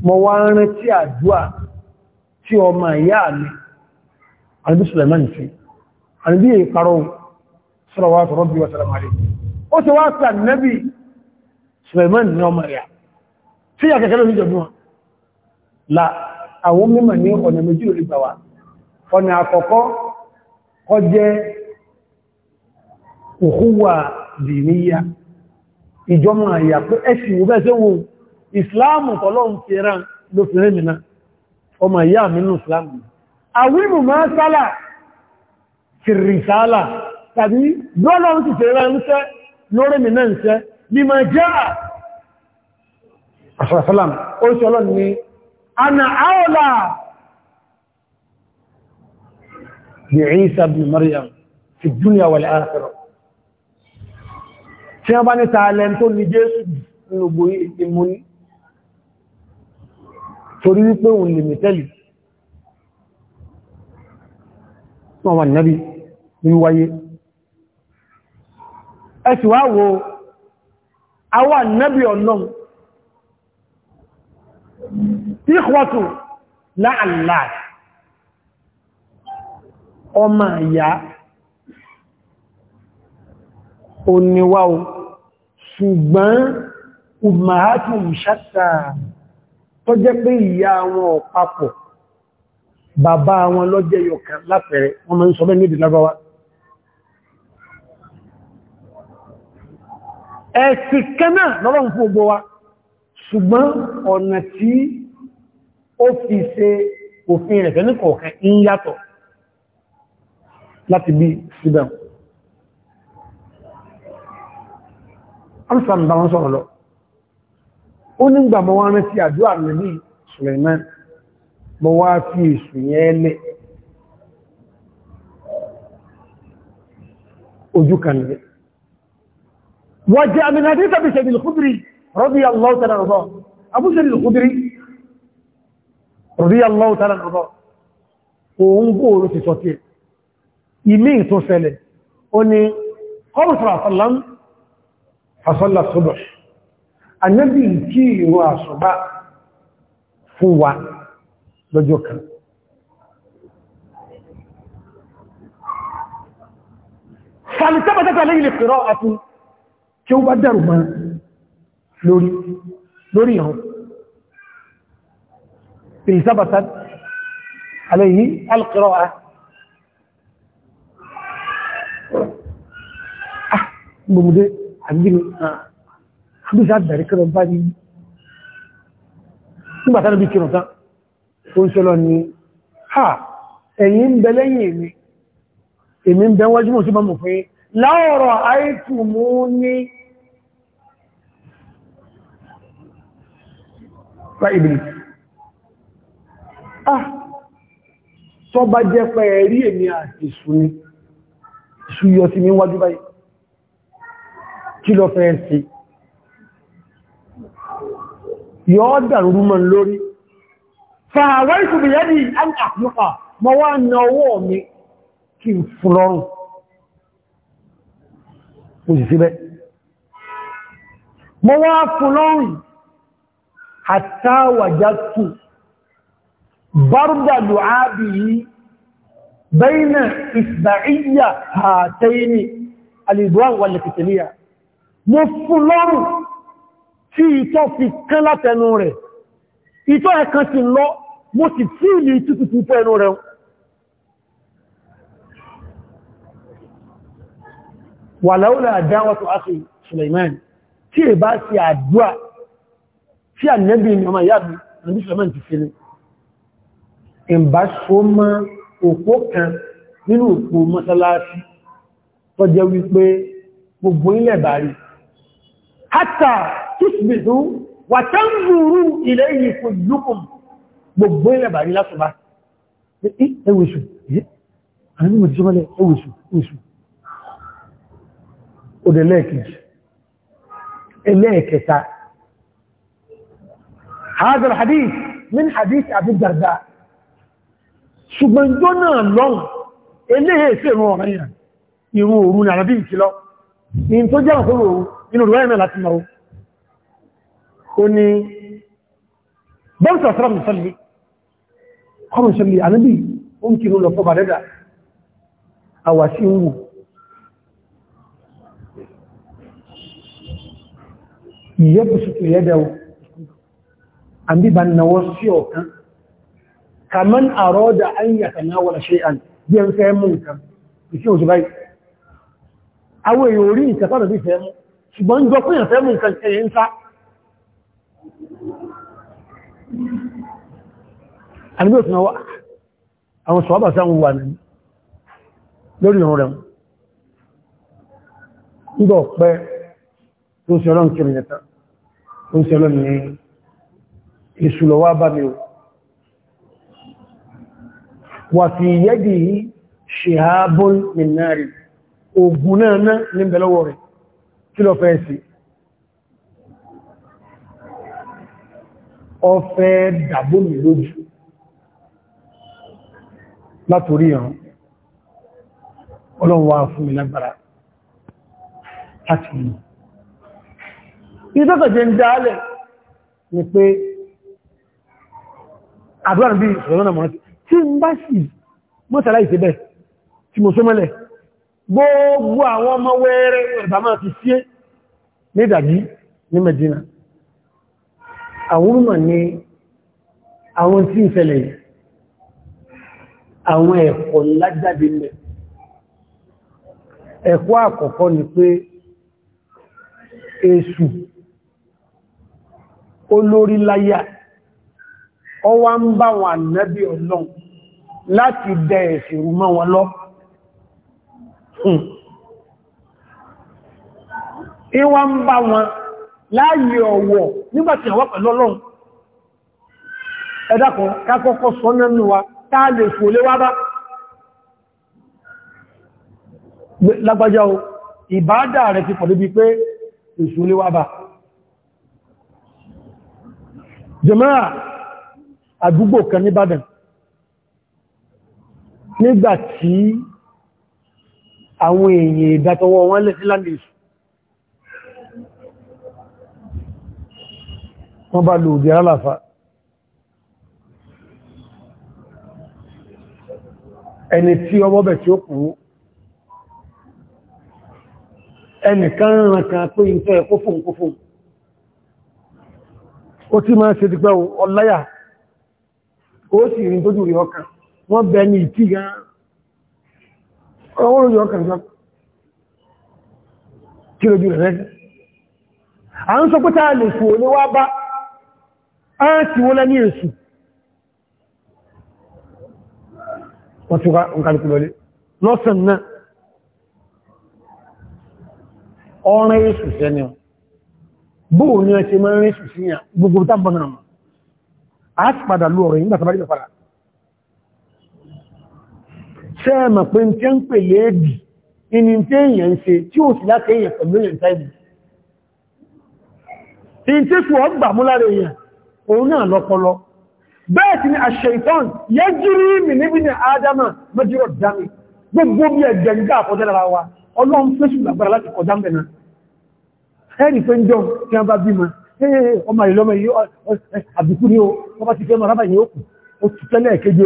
mo wá rántí àdúà tí ọmọ ìyá mi àníbí Suleiman fi àníbí ìparọ́ sọ́rọ̀wà tọ̀rọ̀ bí wà sàràmàrí ó ti wá sà nẹ́bí Suleiman ní ọmọ ìyá tí yà kẹ́kẹ́ lórí jọdún wọn la àwọn mímọ̀ ní ọ̀nà méjì lórí gbà wá ìjọmọ̀ àyà pé ẹ̀sìn wo ìsìláàmù tọ́lọ́ ń fi ran lófin mìíràn ọmọ ìyá àmìnú islam àwímù máa sálà kìrìsálà tàbí brọ́lọ́ ti fèrè ránṣẹ́ lórí mi náà ṣẹ́ ni ma jẹ́ àṣàṣàlám ó ṣe ọlọ́ ni ana áọ́lá bí Isa bin Maryam fi dúnyà wal akhirah tí wọ́n bá ní tààlẹ́ torí wípé òun lè mẹ́tẹ́lì wọ́n wà nábi ní wáyé ẹ̀sì wá wo àwọn nábi ọlọ́m tí kwọ́tù láàlá ọmọ ìyá oníwáwó ṣùgbọ́n umaratu shatta tó jẹ́ pé ìyá wọn ọ̀pápọ̀ bàbá wọn lọ́jẹ́ yọkàn lápẹẹrẹ wọ́n máa ń sọ bẹ́ nídìí lábáwá ẹ̀sì kẹ́nà lọ́rọ̀n fún gbogbo wa ṣùgbọ́n ọ̀nà tí ó fi ṣe òfin rẹ̀ ní kọ̀ọ̀kan ń yàtọ̀ ó nígbà mọ́ wá rántí àdúrà nàbí Suleiman mọ́ wá fi èsù yẹn lẹ̀ ojú kan lẹ̀ wàjẹ́ àmìnà àti tàbí ṣe ìlúkúdìrí rọ́bí aláwọ̀ tàbí rọ́bọ̀ abúṣe ìlúkúdìrí rọ́bí aláwọ̀ tàbí rọ́bọ̀ òun gbóòrò ti sọ́tí ẹ̀ ilé ìtúnṣẹlẹ̀ ó ní kọ́rùsùn àfàlám àṣọ́lá ṣubọ̀ṣù anábì kí ìrọ àṣùbá fún wa lọ́jọ́ kan fàlìtẹ́bàtẹ́bà lẹ́yìn lè fẹ́rọ àti kí ó bá dẹ̀rù ma lórí lórí ìhàn fìlìtẹ́bàtẹ́ alẹ́yìn alkìrọ́ à ah, gbogbo àgbìgbì àbíṣà bẹ̀rẹ̀ kírùn bá ní nígbàtánà bí kírùn tán tó ń ṣẹlọ ní ha ẹ̀yìn ń bẹ lẹ́yìn èmi èmi ń bẹ wájú mọ̀ sí mọ́mù fún láọ̀rọ̀ àìtù mú ní fa ìbìlì ah tó bá jẹ́ pẹ́ rí èmi àti ìṣú ni ìṣú yọ sí ní wájú báyìí kí lọ fẹ́ sí yóò dàrúrú mọ́ lórí fààwẹ́ ìkùbì yẹ́dì an àpùpà mọ́ wá na ọwọ́ mi kí n fúnlọ́rùn mo sì síbẹ̀ mọ́ wá fúnlọ́rùn àtàwàjá tù bárúdà lò ábì yìí bẹ́ẹ̀nà ìsìdàíyà àtẹ́yìnì alìdúwà wà mo fúnlọ́rùn tí ìtọ́ fi kán látẹnu rẹ̀ ìtọ́ ẹ̀kan ti lọ mo sì tí ìlú tútùtù pẹ́ ẹnu rẹ̀ wà láúlà àdáwọ́tò áṣì Suleiman tí è bá sí àdúà tí ànẹ́bì ni ọmọ ìyá ànẹ́bì Suleiman gbogbo ilẹ̀ bàrí hátà tusbidu wa tanzuru ilayhi kullukum gbogbo ilẹ̀ bàrí lásùbá ẹwẹ̀ṣù àwọn onímọ̀ tí sọ́mọ́lẹ̀ ẹwẹ̀ṣù ẹwẹ̀ṣù òdè lẹ́ẹ̀kejì ẹlẹ́ẹ̀kẹta hadha al-hadith min hadith Abi Darda ṣùgbọ́n jọ náà lọ́n eléhèsè ìrún ọ̀rẹ́yàn ìrún òru ní àrẹ́bí ìkìlọ́ in tó jẹ́ òkúrò قلني بمس أسرار نصلي قالوا نصلي على نبي ممكن أن نفوق على ذلك أو أسيره يبسط يده àbí bá náwọ́ sí ọ̀kan kàmán àrọ́dà an yà kanáwàlá ṣe àn bí ẹn fẹ́ mú nǹkan ìfí òṣù báyìí awọ èyàn orí ìtàtàdà bí fẹ́ mú ṣùgbọ́n jọ pín ẹ̀fẹ́ mú nǹkan ẹ̀yẹ ń sá àníbí òsìnà àwọn sọ̀ọ́bà sáwọn wà nìí lórí ìrùn rẹ̀ nígbà ọ̀pẹ́ tó sí ọlọ́run kiri nẹta tó sí ọlọ́run ní ìṣùlọ̀wà bá mi wà fi yẹ́dì ṣe ààbọn nìyàn rẹ̀ ogun náà ní bẹ̀lọ́wọ̀ rẹ̀ kí lọ fẹ́ sí ọfẹ́ dàbómi lójú látorí ọ̀rọ̀ ọlọ́wà fún mi lágbára láti mú ìtọ́kọ̀jẹ́ ń dálẹ̀ ni pé àdúrà bí ìṣọ̀lọ́nà mọ̀rán tí ń bá sì mọ́sàlá ìsẹ́bẹ̀ tí mo sọ́mọ́lẹ̀ gbogbo àwọn ọmọ wẹ́rẹ́ ẹ̀bà máa ti sí ní ìdàjí ní Medina àwúrùmọ̀ ni àwọn tí ń ṣẹlẹ̀ àwọn ẹ̀kọ́ lájáde ilẹ̀ ẹ̀kọ́ àkọ́kọ́ ni pé èṣù olórí láyà ọ wá ń bá wọn ànábì ọlọ́run láti dẹ ẹ̀ṣìrù mọ́ wọn lọ ìwọ́n ń bá wọn láyé ọwọ́ nígbàtí àwọn pẹ̀lú ọlọ́run ẹ̀dàkùn kákọ́kọ́ sọ nẹ́nu wa táà lè fò lé wá bá lágbàjá o ìbádà rẹ̀ ti pọ̀ débi pé èṣù lé wá bá jẹmọ́ra àdúgbò kan ní Ìbàdàn nígbàtí àwọn èèyàn ìdàtọwọ́ wọn lẹ́sí láńdì èṣù wọ́n bá lò òdí alálàfà ẹni tí ọmọ bẹ̀ tí ó kú ẹnìkan ràn kan pé ń tẹ́ kófún kófún ó tí máa ṣe dípẹ́ ọláyà ó sì rí tójú rí ọkàn wọ́n bẹ ní ìtí gan ọwọ́n lójú ọkàn jọ kí lójú rẹ̀ rẹ̀ à ń sọ pé lè fò ní wá bá áàtì wọ́n lẹ́ní èṣù wọ́n tí wọ́n kàlùkù lọlé lọ́sàn náà ọ̀rẹ́ èṣù sẹ́ni ọ bóò ní ẹṣẹ́ mọ́ rí èṣù síyàn gbogbo tábọn náà a ti padà lú ọ̀rẹ́ nígbàtà bá rí bẹ̀fàrà sẹ́ẹ̀mà pé ń tẹ́ ń pè léèdì inú tẹ́ èèyàn ṣe tí ó sì láti èèyàn pẹ̀lú èèyàn táìbù òun náà lọ́pọlọ bẹ́ẹ̀ ti ni àṣẹ̀ìtàn yẹ́ jírí mi níbi ní adama mẹ́jírọ̀ dami gbogbo bí ẹgbẹ̀ngá àkọjẹ́lára wa ọlọ́run fẹ́sù lágbára láti kọjá mẹ́na ẹni pé ń jọ kí a bá bí ma ọmọ ìlọ́mọ àbìkú ni ó bá ti fẹ́ mọ̀ rábàyìn ó kù ó ti tẹ́lẹ̀ kéje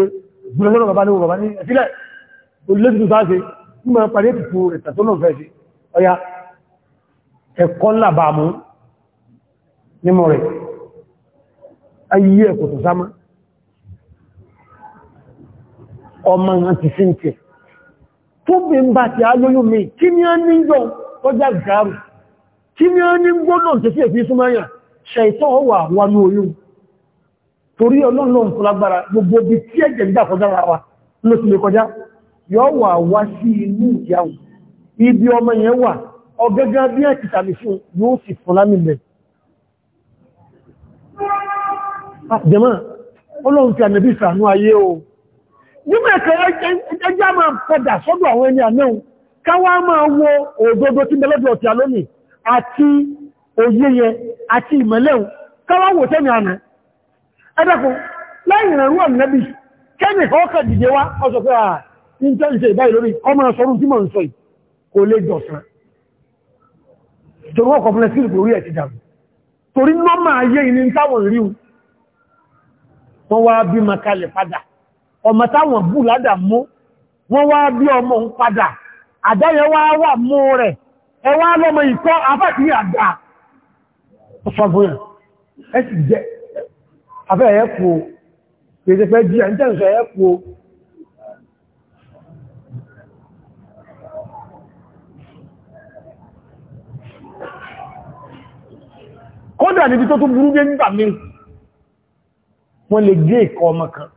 gbọ́nlọ́rọ̀ bàbá ní bàbá ní ẹ̀sílẹ̀ olóòtú sááṣe ní ma parí ètùtù ìtàtọ́nà fẹ́ sí ọya ẹ̀kọ́ ńlá bàmú nímọ̀ rẹ̀ ayé ẹ̀kù tó ọmọ ìran ti sí ti tó bí ń bá ti alóyún mi kí ni a ní yọ kí ni a ní sí wà wà ní torí ọlọ́run fún gbogbo bí tí ẹ̀jẹ̀ ń wa ló lè kọjá yọ wà wá ibi ọmọ yẹn wà ọgẹ́gẹ́ bí ẹ̀kìtàmì fún yóò sì fún lámìlẹ̀ Ah, jẹmọ́ ọlọ́run ti ànàbí ìsànú ayé o nígbà ẹ̀kẹ́ ẹjá máa padà sọ́dọ̀ àwọn ẹni àná káwá máa wo òdodo tí mẹ́lẹ́dọ̀ ọ̀tí alónì àti òyeyẹ àti ìmọ̀lẹ́un káwá wò tẹ́mi àná ẹ̀dẹ́kùn lẹ́yìn ìrànrú torí wọ́n kọ̀ọ̀fún táwọn wọ́n wá bí makalẹ̀ padà ọmọ táwọn bú ládà mú wọ́n wá bí ọmọ ń padà àdáyẹ wá wà mú rẹ̀ ẹ wá lọ́mọ ìkọ́ afẹ́kì àgbà ọ̀fọ́gbọ́n ẹ sì jẹ́ afẹ́ ẹ̀ẹ́kù o kèèdè fẹ́ jí ẹ̀ntẹ́ǹsọ ẹ̀ẹ́kù o kódà níbi tó tún burú dé nígbà wọ́n lè gé ìkọ ọmọ kan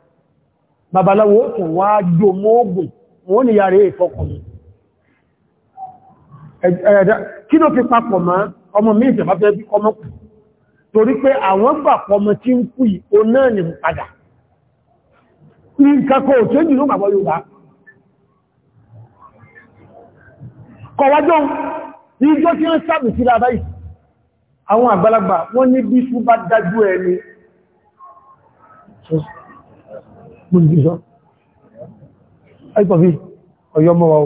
babaláwo tún wá jò mọ́ọ̀gùn wọ́n ni yàrá ìfọkùnrin kí ló fi papọ̀ mọ́ ọmọ mi ìjọba fẹ́ bí ọmọ kù torí pé àwọn gbà ọmọ tí ń kú yìí o náà ni mú padà ní gbàgbọ́ Yorùbá kọwàjọ́ ìjọ gbogbo ẹgbọ̀fí ọ̀yọ́mọ́wọ́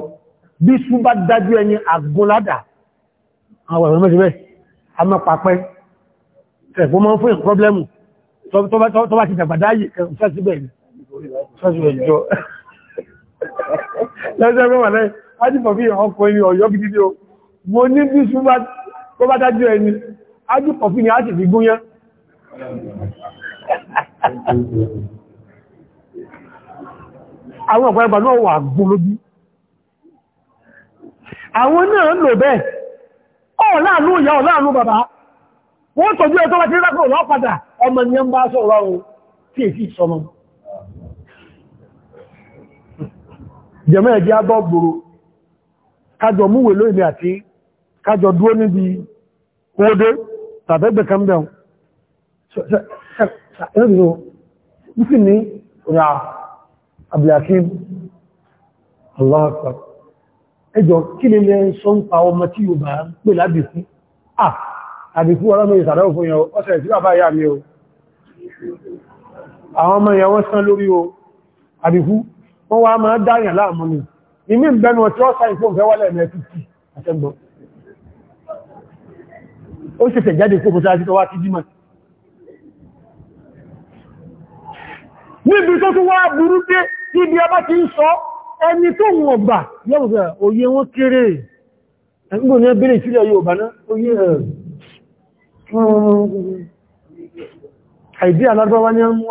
bí sún bá dájú ẹni àgúnládà àwọn ọ̀rọ̀ mẹ́sẹ̀mẹ́ a mọ́ pàpẹ́ ẹ̀fọ́ mọ́ fún ìpọ́blẹ́mù tó bá ti dàgbàdáyì kẹrùsẹ́síbẹ̀ ẹ̀jọ́ àwọn ọ̀pọ̀lọpọ̀ náà wà gbólóbí àwọn náà lò bẹ́ẹ̀ ọ̀láàlú ìyá ọ̀láàlú bàbá wọ́n tọ́jú ẹ̀tọ́ láti rákùnrùn lọ padà ọmọ ni ń bá sọ̀rọ̀ ohun tí èsì sọmọ jẹ́mọ́ ẹ̀jẹ́ abọ́ gbòrò kájọ múwè lóìmí àti kájọ dúó níbi kóódé tàbẹ́gbẹ̀kẹ́ ṣàkẹ́rìnlò wípé ní ra abdulhakim aláàpá ẹjọ́ kí ni lẹ́ sọ ń pa ọmọ tí yóò bá ń pè lábìkú à àbìkú ọlọ́mọ ìsàdáwò fún yẹn ọ́sẹ̀ tí bàbá yà mí o àwọn ọmọ yẹn wọ́n sán lórí o àbìkú wọ́n wá máa dáyàn láàmú ni ìmí ìbẹnu ọ̀tí ọ́sà ìfún fẹ́ wálẹ̀ mẹ́tìtì àtẹ́gbọ́n ó sì fẹ̀ jáde kó kó sáà sí tọwá ti dímọ̀ níbi tó tún wá burú níbi ọba ti ń sọ ẹni tó ń ọgbà yọ́gbà òye wọn kéré ẹgbò ní ẹbẹ̀rẹ̀ ìsílẹ̀ Yorùbá náà òye hmm, àìdí alágbọ́wá ní ọmọ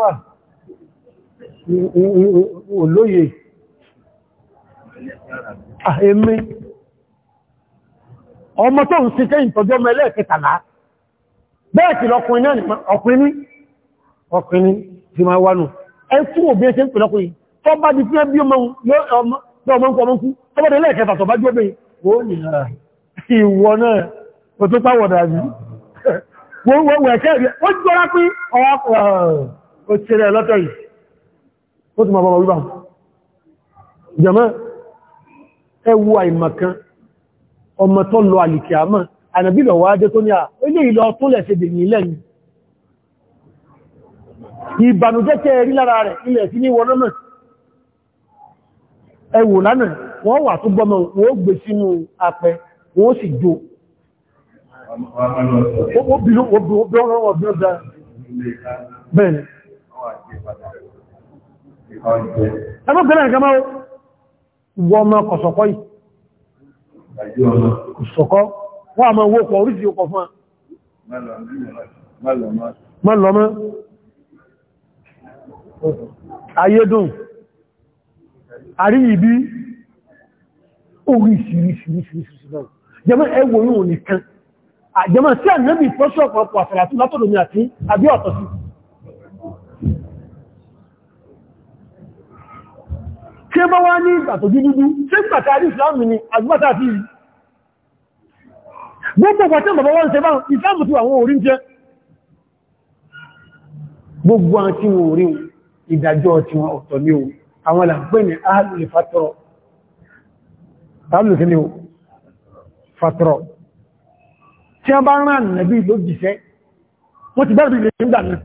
ọmọ tó ọkùnrin ẹkú òbí ṣe ń pè lọ́kùnrin tó bá di fún ẹbí ọmọ ọmọkú tó bá délẹ̀ kẹta tó bá jú obìnrin ó ní ara o tó pàwọ̀dà ní wọ́n ẹ̀kẹ́ rẹ̀ ó jọra pé ọwọ́ ó ti rẹ̀ lọ́tọ̀ yìí ó ti mọ̀ bọ̀ wíbà jẹ́mọ́ ẹwú àìmọ̀kan ọmọ tó lọ àlìkì àmọ́ ànàbílọ̀ wájẹ́ tó ní à ó lè ìlọ tó lẹ̀ ìbànújẹ́ tẹ́ rí lára rẹ̀ ilẹ̀ sí ní wọ́n náà ẹwò lánàá wọ́n wà tó gbọmọ wọ́n gbé sínú apẹ wọ́n sì jó Wọ́n a máa wó pọ̀ orísìí ọkọ̀ fún a. Má lọ mọ́. ayédùn àríyìbí oríṣìíríṣìíríṣìí náà jẹmọ́ ẹwọ yóò nìkan àjẹmọ́ sí ànẹ́bì fọ́ṣọ́ ọ̀pọ̀lọpọ̀ àfẹ́làtí látọ̀dọ̀ ní àti àbí ọ̀tọ̀ sí tí ẹ bá wá ní àtòjú dúdú tí gbàtà àrí ìsìláàmù ni àgbàtà àti ìrì gbogbo pàtẹ́ bàbá wọ́n ṣe báwọn ìsìláàmù tí àwọn orí ń gbogbo àti orí ìdájọ́ tí wọ́n ọ̀tọ̀ ní o àwọn ìlànà ní ààlùlè fàtọ̀rọ̀ tààlùkí ní o fàtọ̀rọ̀ tí a bá rán nàbí ló jìṣẹ́ wọ́n ti bẹ́rẹ̀ bí i gbàmí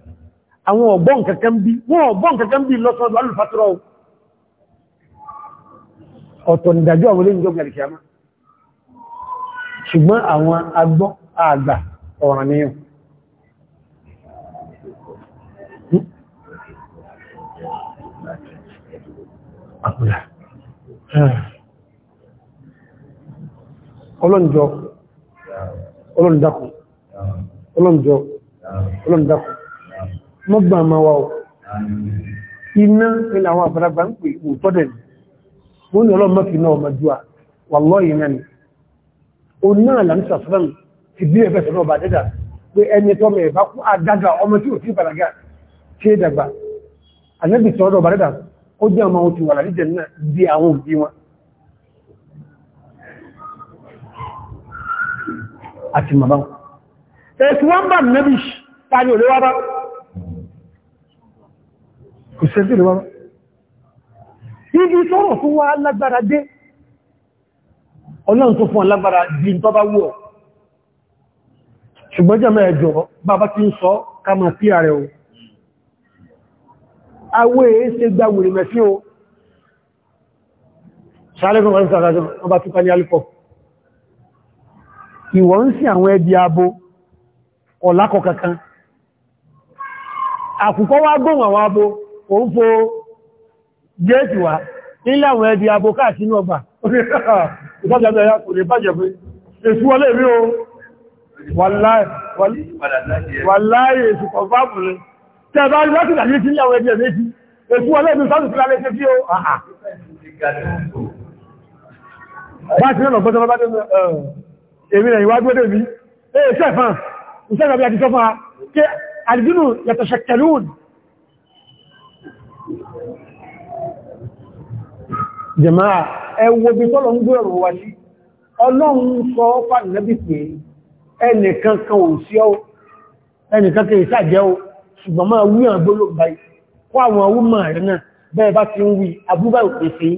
àwọn ọ̀gbọ́n kankan bí àpùdà eh. ọlọ́njọ́ ọlọ́ndakùn ọlọ́njọ́ ọlọ́ndakùn mọ́gbà máa wà ó iná ilẹ̀ àwọn àbárabà ń pè òtọ́dẹ̀ ni wọ́n ni ọlọ́mọ́ fi náà mọ́júwà wà lọ́yìn náà ni o náà làmísà sọ́rọ̀ ti bí ẹ̀fẹ́ sọ́rọ̀ bà dẹ́dà pé ẹni tọ́ mẹ́ ẹ̀bá kú àdága ọmọ ó jẹ́ ọmọ ohun ti wà láti jẹ̀nà bí àwọn òbí wọn àti màbá wọn ẹ̀sùn wọ́n bà nẹ́bí tàbí olówá bá kò sẹ́sí olówá bá ibi sọ́rọ̀ fún wa lágbára dé ọlọ́run tó fún alágbára bí tó bá wọ́ ṣùgbọ́n jẹ́ mẹ́ẹ̀jọ̀ bàbá ti ń sọ ká máa sí ààrẹ ohun awé ṣe gba wèrè mẹ́fí o ṣàlẹ́kùn wọn sára wọn bá túnká ní alìpọ̀ ìwọ̀ ń sí àwọn ẹbí abo ọ̀lákọ̀ kankan àkùkọ wá gbọ́n àwọn abo o ń fo gẹ́ẹ̀tì wá nílẹ̀ àwọn ẹbí abo káàkiri ọgbà Wàláyé ìsìnkọ̀ fábùnrin tẹ̀bá láti ìdàlẹ́ sí ilẹ̀ àwọn ẹgbẹ̀ méjì èkú ọlọ́dún sáàtù sí lálẹ́ sí ó àà bá ti rẹ̀ lọ́gbọ́n tọ́bá tẹ́lẹ̀ èmi rẹ̀ ìwájú ọdẹ́ mi èé sẹ́fàn ìṣẹ́gbàbí àti sọ́fà kí àdìdínú yàtọ̀ ṣẹ̀kẹ̀lún jẹ̀máà ẹwọ bí tọ́lọ ń gbẹ̀rọ wa sí ọlọ́run sọ fà nẹ́bì pé ẹnìkan kan ò sí ọ ẹnìkan kan ìsàjẹ́ ọ ṣùgbọ́n máa wí àwọn gbólóhùn báyìí kó àwọn owó máa rẹ̀ náà bẹ́ẹ̀ bá ti ń wí abúgbà òpèsè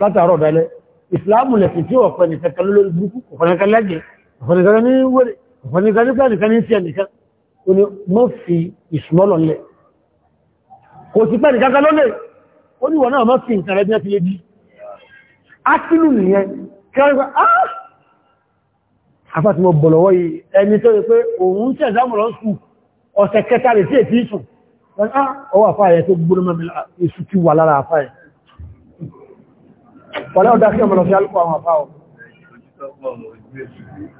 látàrọ̀ bẹ́lẹ̀ ìsìláàmù lẹ̀ sí ọ̀pẹ́ nìkan lórí burúkú ọ̀fẹ́nìkan lẹ́gẹ̀ ọ̀fẹ́nìkan ní wẹ́rẹ̀ ọ̀fẹ́nìkan ní pẹ́ẹ̀nìkan ní sí ẹnìkan ó ní mọ́ fi ìsúmọ́lọ̀ lẹ̀ kò sí pẹ́ẹ̀nìkan kan lọ́lẹ̀ ó ní wọ́n náà mọ́ fi nǹkan rẹ̀ bí wọ́n ti lè bí ásìlù nìyẹn kí wọ́n rí pé ah ọ̀sẹ̀ kẹta rẹ̀ sí ètí ìsùn wọ́n á ọwọ́ àfáà yẹn tó gbóná mẹ́mí èsù ti wà lára àfáà yẹn wọ́n lẹ́ọ̀dá sí ọmọ lọ́sí alùpọ̀ àwọn àfáà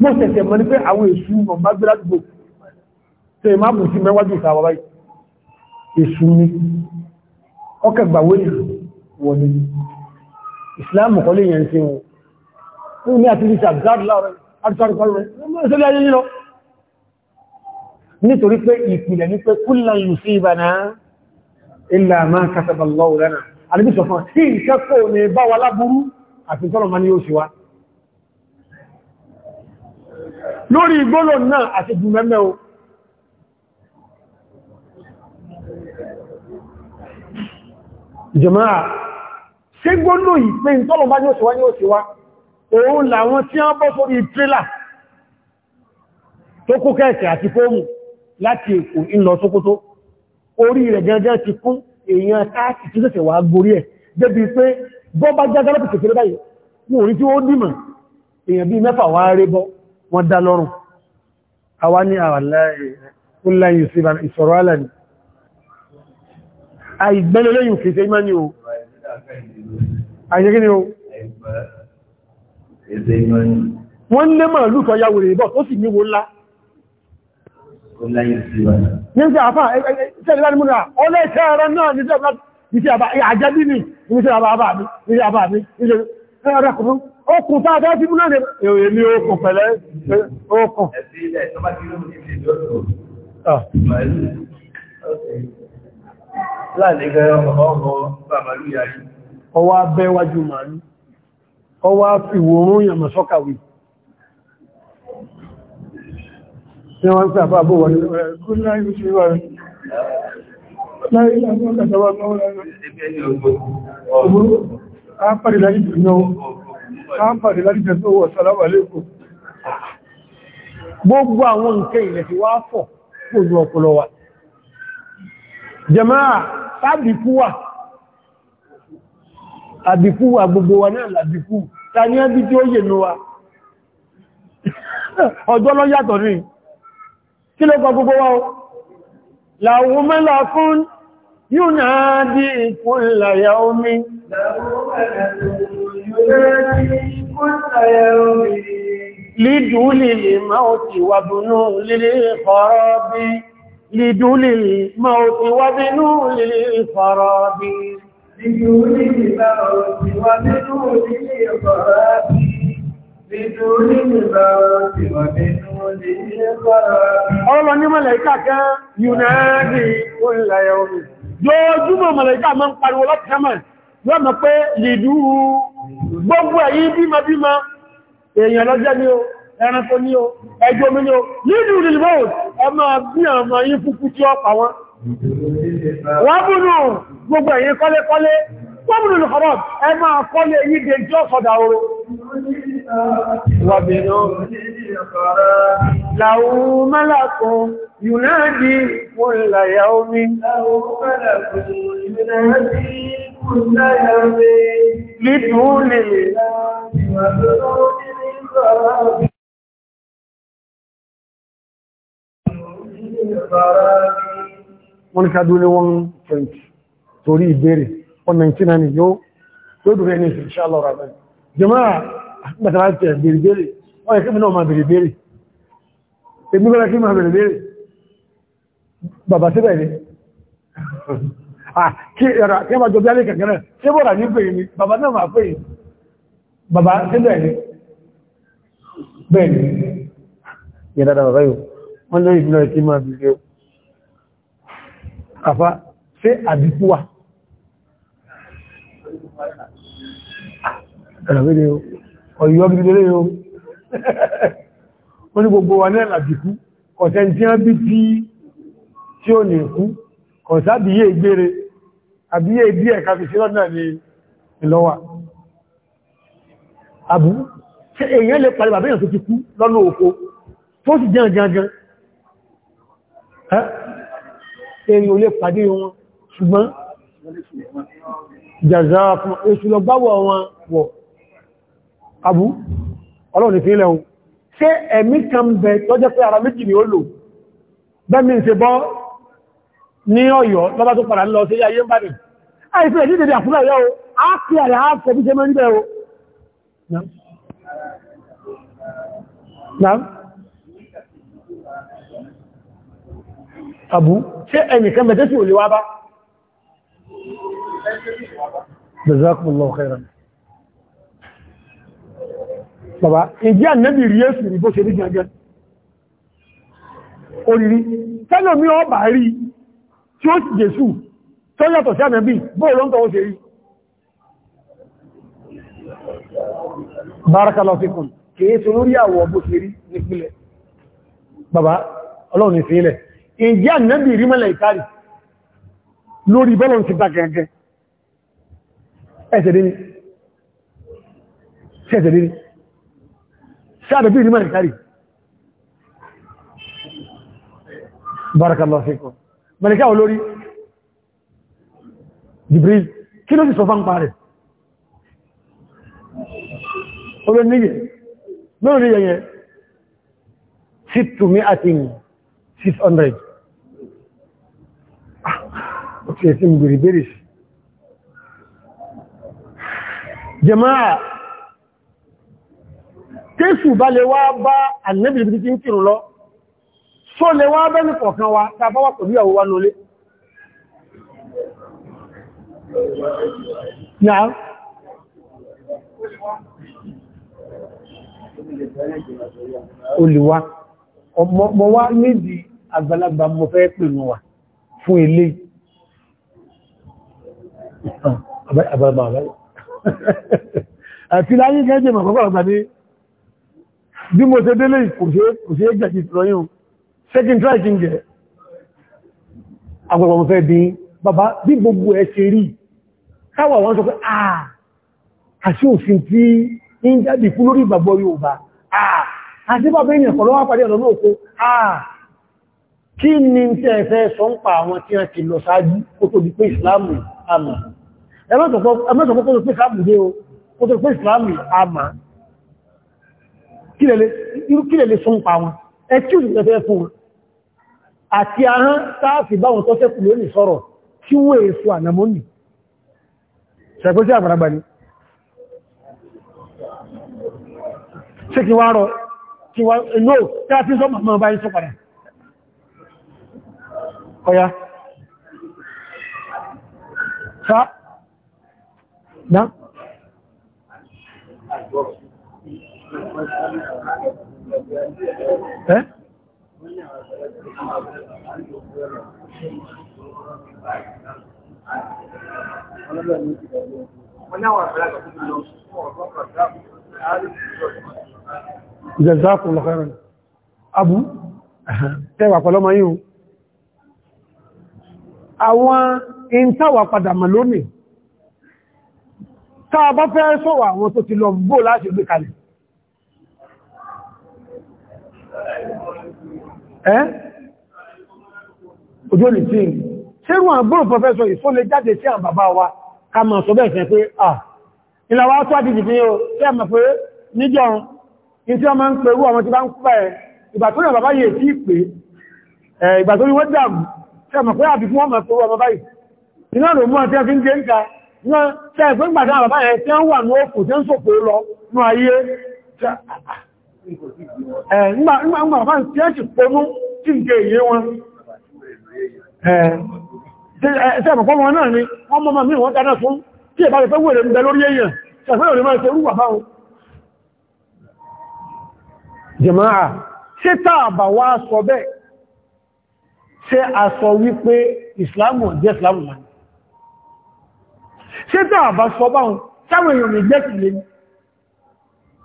mọ́ sẹ̀sẹ̀ mọ́ ní pé àwọn èsù ọmọ gbẹ́lágbò tó ìmá bù sí mẹ́wájú ìta wọ́n báyìí èsù ni ọkẹ̀ gbàwé wọ́n ni ìsìláàmù kọ́lé yẹn sí wọn nítorí pé ìpìlẹ̀ ní pé kullan yusibana illa ma kataba Allahu lana alìbísọ̀ fún sí iṣẹ́ kò ní bá wa lábúrú àti tọ́lọ̀ ma ní ó ṣíwá lórí ìgbólò náà àti jùmẹ́mẹ́ o jàmáà ṣe gbólò ìpé tọ́lọ̀ ma ní tó kó kẹ́ẹ̀kẹ́ àti fóòmù láti èkó ìlọ sókótó orí rẹ̀ gẹ́gẹ́ ti kún èèyàn táàkì tí sẹ̀sẹ̀ wà gorí ẹ̀ débi pé bọ́ bá já gálọ́pù kékeré báyìí wọ́n orí tí ó dìmọ̀ èèyàn bí mẹ́fà wá rí bọ́ wọ́n dá lọ́rùn àwa ní àwàláyìn ìsọ̀rọ̀ alẹ́ni àìgbẹ́lẹ́lẹ́yìn kìí ṣe imani o àìyẹ́gẹ́ni o wọ́n lé màálù tọ́yàwó Nígbà àfá ṣẹ́lẹ̀ láti múra, ọlẹ́ṣẹ́ ẹ̀rọ náà ní ṣe àjẹ́bí mi, ní ṣe àbá àbá mi, ní ṣe àbá mi, ní ṣe ẹ̀rọ kùnfún. Ó kùn táa tẹ́ sí múnà ní èmi okùn pẹ̀lẹ́ okùn. Ọwá ah. bẹ́wájú màálù, ọwá ìwòrún ìyàmọ̀sọ́kàwì. tí wọ́n sábà bó wọ́n Gbogbo àwọn nǹkan ilẹ̀ ti wá fọ̀ pòlú ọpọlọ wa. Jẹmáà, tábìkú wà, àbìkú wà gbogbo wa náà làbìkú, ta ní ẹbí tí ó yè ní wa. Ọjọ́ lọ yàtọ̀ ní, kí ló gbọ́ gbogbo wá o làwọ́ mẹ́lá fún yóò náà dí ìkún ìlàyà omi lídúlì máòtì wà bínú lílé ìfọ́rọ́ bí lídúlì máòtì wà bínú lílé ìfọ́rọ́ bí lídúlì máòtì wà bínú Ọlọ́lọ́ ní mọ̀lẹ̀ká kan Yunani orílẹ̀ orí. Yóòjúmọ̀ mọ̀lẹ̀ká máa ń pariwo láti ṣẹ́mọ̀ yóò mọ̀ pé lìdú gbogbo ẹ̀yí bímọ bímọ èèyàn lọ́jẹ́ ní o, ẹranko ní o, ẹjọ́ mi ní o. Lìdú lìlmọ́ وبنور له ملك ينادي كل يوم له ملك ينادي كل يوم لطول الليل وبنور الغرب wọ́n ní ká dúró ní 120 torí ìbéèrè 199 yóò tó dúró ní insha Allah rẹ̀ jẹ́mọ́ gbàtàrà tẹ̀ bèèrè bèèrè wọ́n yẹ kí mi náà máa bèèrè bèèrè èmi gbọ́nà kí máa bèèrè bèèrè bàbá sí bẹ̀rẹ̀ *laughs* ah, kí ẹ̀rọ kí máa jọ bí alẹ́ kẹ̀kẹ́rẹ̀ tí ó bọ̀rà ní pè ní bàbá náà máa pè bàbá sí bẹ̀rẹ̀ bẹ̀rẹ̀ yẹ dáadáa bàbá yóò wọ́n lórí ìbínú ẹ̀ tí máa àfá sí àdíkú wà Ẹ̀rọ ọ̀yọ́ gidere o wọ́n ní gbogbo wa náà làbìkú ọ̀tẹ́ tí wọ́n bí tí tí ó ní ẹ̀kú kọ̀sábíyé ìgbére àbíyé ìbí ẹ̀ka fi sílọ́ náà ní ìlọ́wà àbú tí èèyàn lè parí bàbá èèyàn tó ti kú lọ́nà òkó tó sì jẹ́ gangan èèyàn lè pàdé abú ọlọ́run ìfìnlẹ̀ ohun ṣe ẹ̀mí kan bẹ tó jẹ́ pé ara méjì ni ó lò bẹ́mí ṣe bọ́ ní ọ̀yọ́ lọ́bá tó padà lọ sí ayé ń bá nì àìfẹ́ ìdí dèdè àfúnlẹ̀ yọ́ á kí àrẹ á fẹ́ bí ṣe mọ́ níbẹ̀ o Jazakumullahu khairan bàbá ìjẹ́ ànẹ́bì rí èsù rí bó ṣe rí gẹ́gẹ́ orírí tẹ́lẹ̀ mi ọba rí tí ó ti jésù tó yàtọ̀ sí ànẹ́bì bóòrò ń tọ́wọ́ ṣe rí bárakàlọ́ fíkùn kìí tó lórí àwọ̀ bó ṣe rí nípìlẹ̀ bàbá ọlọ́run ìfẹ́lẹ̀ ìjẹ́ ànẹ́bì rí mẹ́lẹ̀ ìkárì lórí bọ́lọ̀n ti bá gẹ́gẹ́ ẹ̀ṣẹ̀dẹ́ni ṣáàbẹ̀ tí ìrìnmọ̀ ìkárì barakallahu fikum mẹ́lẹ̀kẹ́ olórí Jibril kí ló sì sọ fánpá rẹ̀ olóníyẹ mẹ́rin ní yẹnyẹ sítùmí àti 600 ó ti ẹ̀sìn gbèrè bèrè jẹ́máà tẹ́sù bá lè wá bá ànẹ́bìlì tí ń kìrù lọ só lè wá bẹ́ ní kọ̀ọ̀kan wa tàbá wà pẹ̀lú ìyàwó wa lólé náà olùwá mọ̀ wá nídi àgbàlagbà mọ̀ fẹ́ pẹ̀lú wa fún ilé àbábàbà *laughs* àti láyé gẹ́gẹ́ mọ̀ kọ́kọ́ àgbà ní bí mo ṣe délé kò ṣe é jẹ́kì lọ́yún second try kí n jẹ́ agbẹ̀gbẹ̀ mo fẹ́ bí bàbá bí gbogbo ẹ ṣe rí káwà wọ́n sọ pé àà àṣí òfin tí ń jáde kú lórí ìgbàgbọ́ Yorùbá àà àti bàbá di pé ìsìláàmù àmà ẹmọ́sọ̀kọ́ pé ìsìláàmù di pé ìsìláàmù kílẹ̀ lè sọ́n pa wọn ẹkí òsì tẹ́fẹ́ fún wọn àti ahán sáàfì báwọn tọ́sẹ́ kù lónìí sọ̀rọ̀ tí wọ́n èso ànàmọ́nì ṣẹ̀kọ́ sí àgbàragbà ni ṣe kí wá rọ kí wá no káàfí sọ màmá báyìí sọ padà ọya sáà ẹ́ Jazakum khairan. Abu, tẹwà pẹ̀lọ́mọ yíò. Àwọn ìntàwà padà mà lónìí, táa bá fẹ́ sọ́wà àwọn tó ti lọ gbó láti gbé kalẹ̀. ẹ́ ojú òní tí ṣérù àbúrò pọfẹ́sọ ìfónlé jáde sí àwọn bàbá wa ká mọ̀ sọ bẹ́ẹ̀ fẹ́ pé à ìlàwà tó àdìjì fi yóò tẹ́ mọ̀ pé níjọ́ in tí wọ́n máa ń pẹ̀rú àwọn tí bá ń pẹ̀ ìgbà tó rẹ̀ bàbá yìí tí pé ìgbà ọmọ Eh, nígbà àfáà tí ẹ́ sì pọnú tí nke èyí wọn ẹ̀ẹ́sẹ́ eh, eh, ẹ̀mọ̀pọ̀ wọn náà ni wọ́n mọ́ mọ́ mí wọ́n dáná fún tí ẹ̀bá rẹ̀ wèrè ń lórí èyàn ṣàfẹ́ òní máa ṣe rúwà fáwọn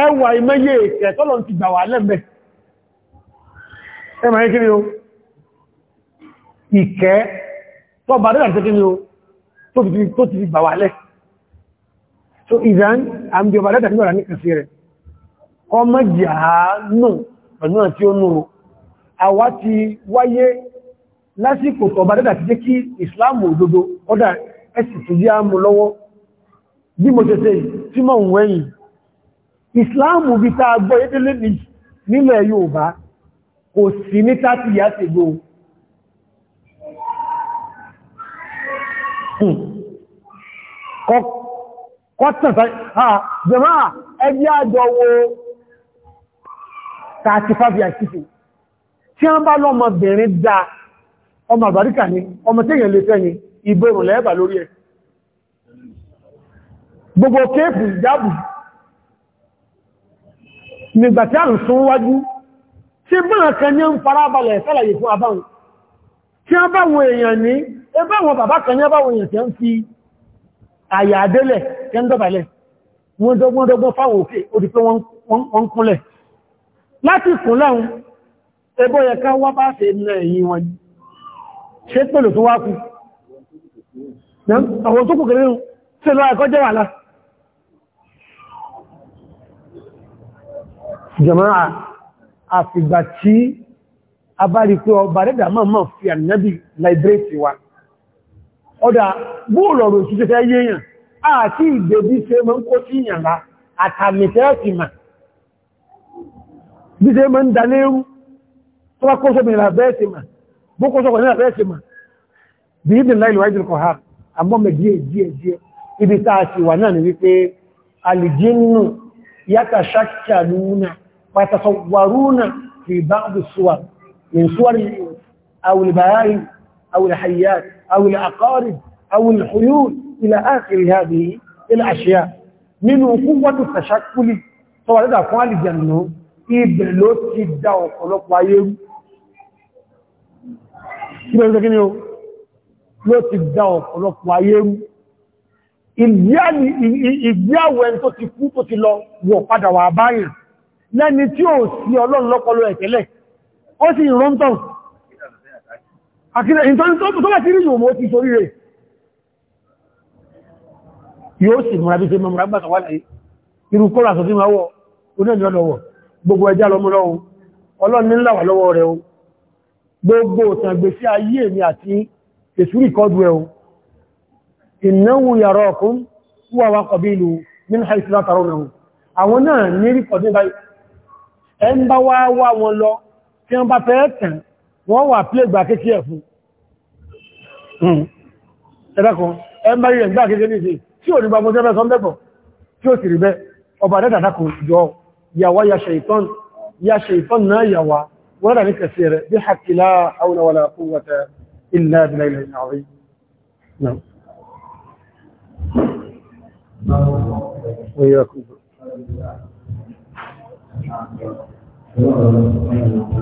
ẹwà ìmẹ́yẹ ìkẹ́ tọ́lọ̀ ti gbà wà lẹ́mẹ́ ẹmà yí kí ni o ìkẹ́ tọ́ bá dẹ́gbà tẹ́kí ni o tó ti gbà wà lẹ́ so ìdán àmì ọba dẹ́gbà nígbàrà ní kàfí rẹ̀ ọmọ jàánù pẹ̀lú àti ó nù àwa ti wáyé lásìkò tọba dẹ́gbà ti jẹ́ kí ìsìláàmù òdodo ọdá ẹ̀sì tó jẹ́ àmú bí mo ṣe ṣe tí mọ̀ ń wẹ́yìn ìsìláàmù bí tá gbọ́ yédélé nílẹ̀ Yorùbá kò sí ní tàbí ìyá ti gbò kọ́tàn sáyé ha jẹmá ẹgbẹ́ àjọ wo 35 years ago tí a ń bá lọ́mọbìnrin dá ọmọ àbáríkà ní ọmọ tí èyàn lè fẹ́ ni ìbòrùn lẹ́ẹ̀bà lórí ẹ̀ gbogbo kéèkù ìjábùú nígbà tí a ń sún wájú tí bọ́n kan ní ń farabalẹ̀ sálàyé fún abáhùn tí a báwọn èèyàn ní ẹbáwọn bàbá kan ní ẹbáwọn èèyàn tí a ń fi àyà àdélẹ̀ tí a ń dọ̀bàlẹ̀ wọ́n dọ́gbọ́n dọ́gbọ́n fáwọn òkè odì pé wọ́n kúnlẹ̀ láti kún láhun ẹbọ́ yẹ ká wá bá ṣe ní ẹ̀yìn wọn ṣe pẹ̀lú tó wá kú àwọn tó kù kẹrẹ́rùn tí lọ ẹ̀kọ́ jẹ́ wà láti jama'a àfìgbà tí a bá rí pé ọba rẹ̀dà máa máa fi ànábì láìbírẹ̀tì wa ọdá bóòlọ̀rọ̀ òṣìṣẹ́ fẹ́ yéèyàn àti ìgbèbí ṣe mọ́ kó sí ìyànlá àtàmìtẹ́ẹ̀tìmà bí ṣe mọ́ ń dalérú tó bá kóṣọ́ mìíràn bẹ́ẹ̀tìmà bó kóṣọ́ mìíràn bẹ́ẹ̀tìmà bí i dìnlá ويتصورون في بعض الصور من صور أو البهائم أو الحيات أو الأقارب أو الحيول إلى آخر هذه الأشياء من قوة التشكل طبعا هذا أقوال الجنة إبلو تدى وقلق ويوم كيف يمكن يوم لو ti dá ọ̀pọ̀lọpọ̀ ayé rú. Ìgbéyàwó ẹni tó ti kú tó ti lọ wọ̀ padà wà báyìí lẹ́ni tí ó sí ọlọ́run lọ́pọlọ ẹ̀tẹ́lẹ̀ ó sì rọ́ntàn àkílẹ̀ ìtọ́ni tó bá ti rí yóò mọ́ ti sórí rẹ̀ yóò sì múra bí ṣe mọ́ múra gbàtà wálẹ̀ irú kọ́rà sọ sí máwọ́ onílẹ̀ lọ́wọ́ gbogbo ẹjá lọ múlọ́wọ́ ọlọ́run ní ńlá wà lọ́wọ́ rẹ̀ o gbogbo tàgbèsí àwọn náà ní rí kọ̀dún báyìí ẹ ń bá wá wá wọn lọ tí wọ́n bá fẹ́ tàn wọ́n wà plé gbà kékeré fún ẹ̀dàkùn hmm. ẹ ń bá rí ẹ̀gbà kékeré ní ìsìn tí ò ní bá mọ́sẹ́ mẹ́sàn mẹ́bọ̀ tí ó sì rí bẹ́ ọba dẹ́dàdàkùn jọ yàwá 啊，有，有啊。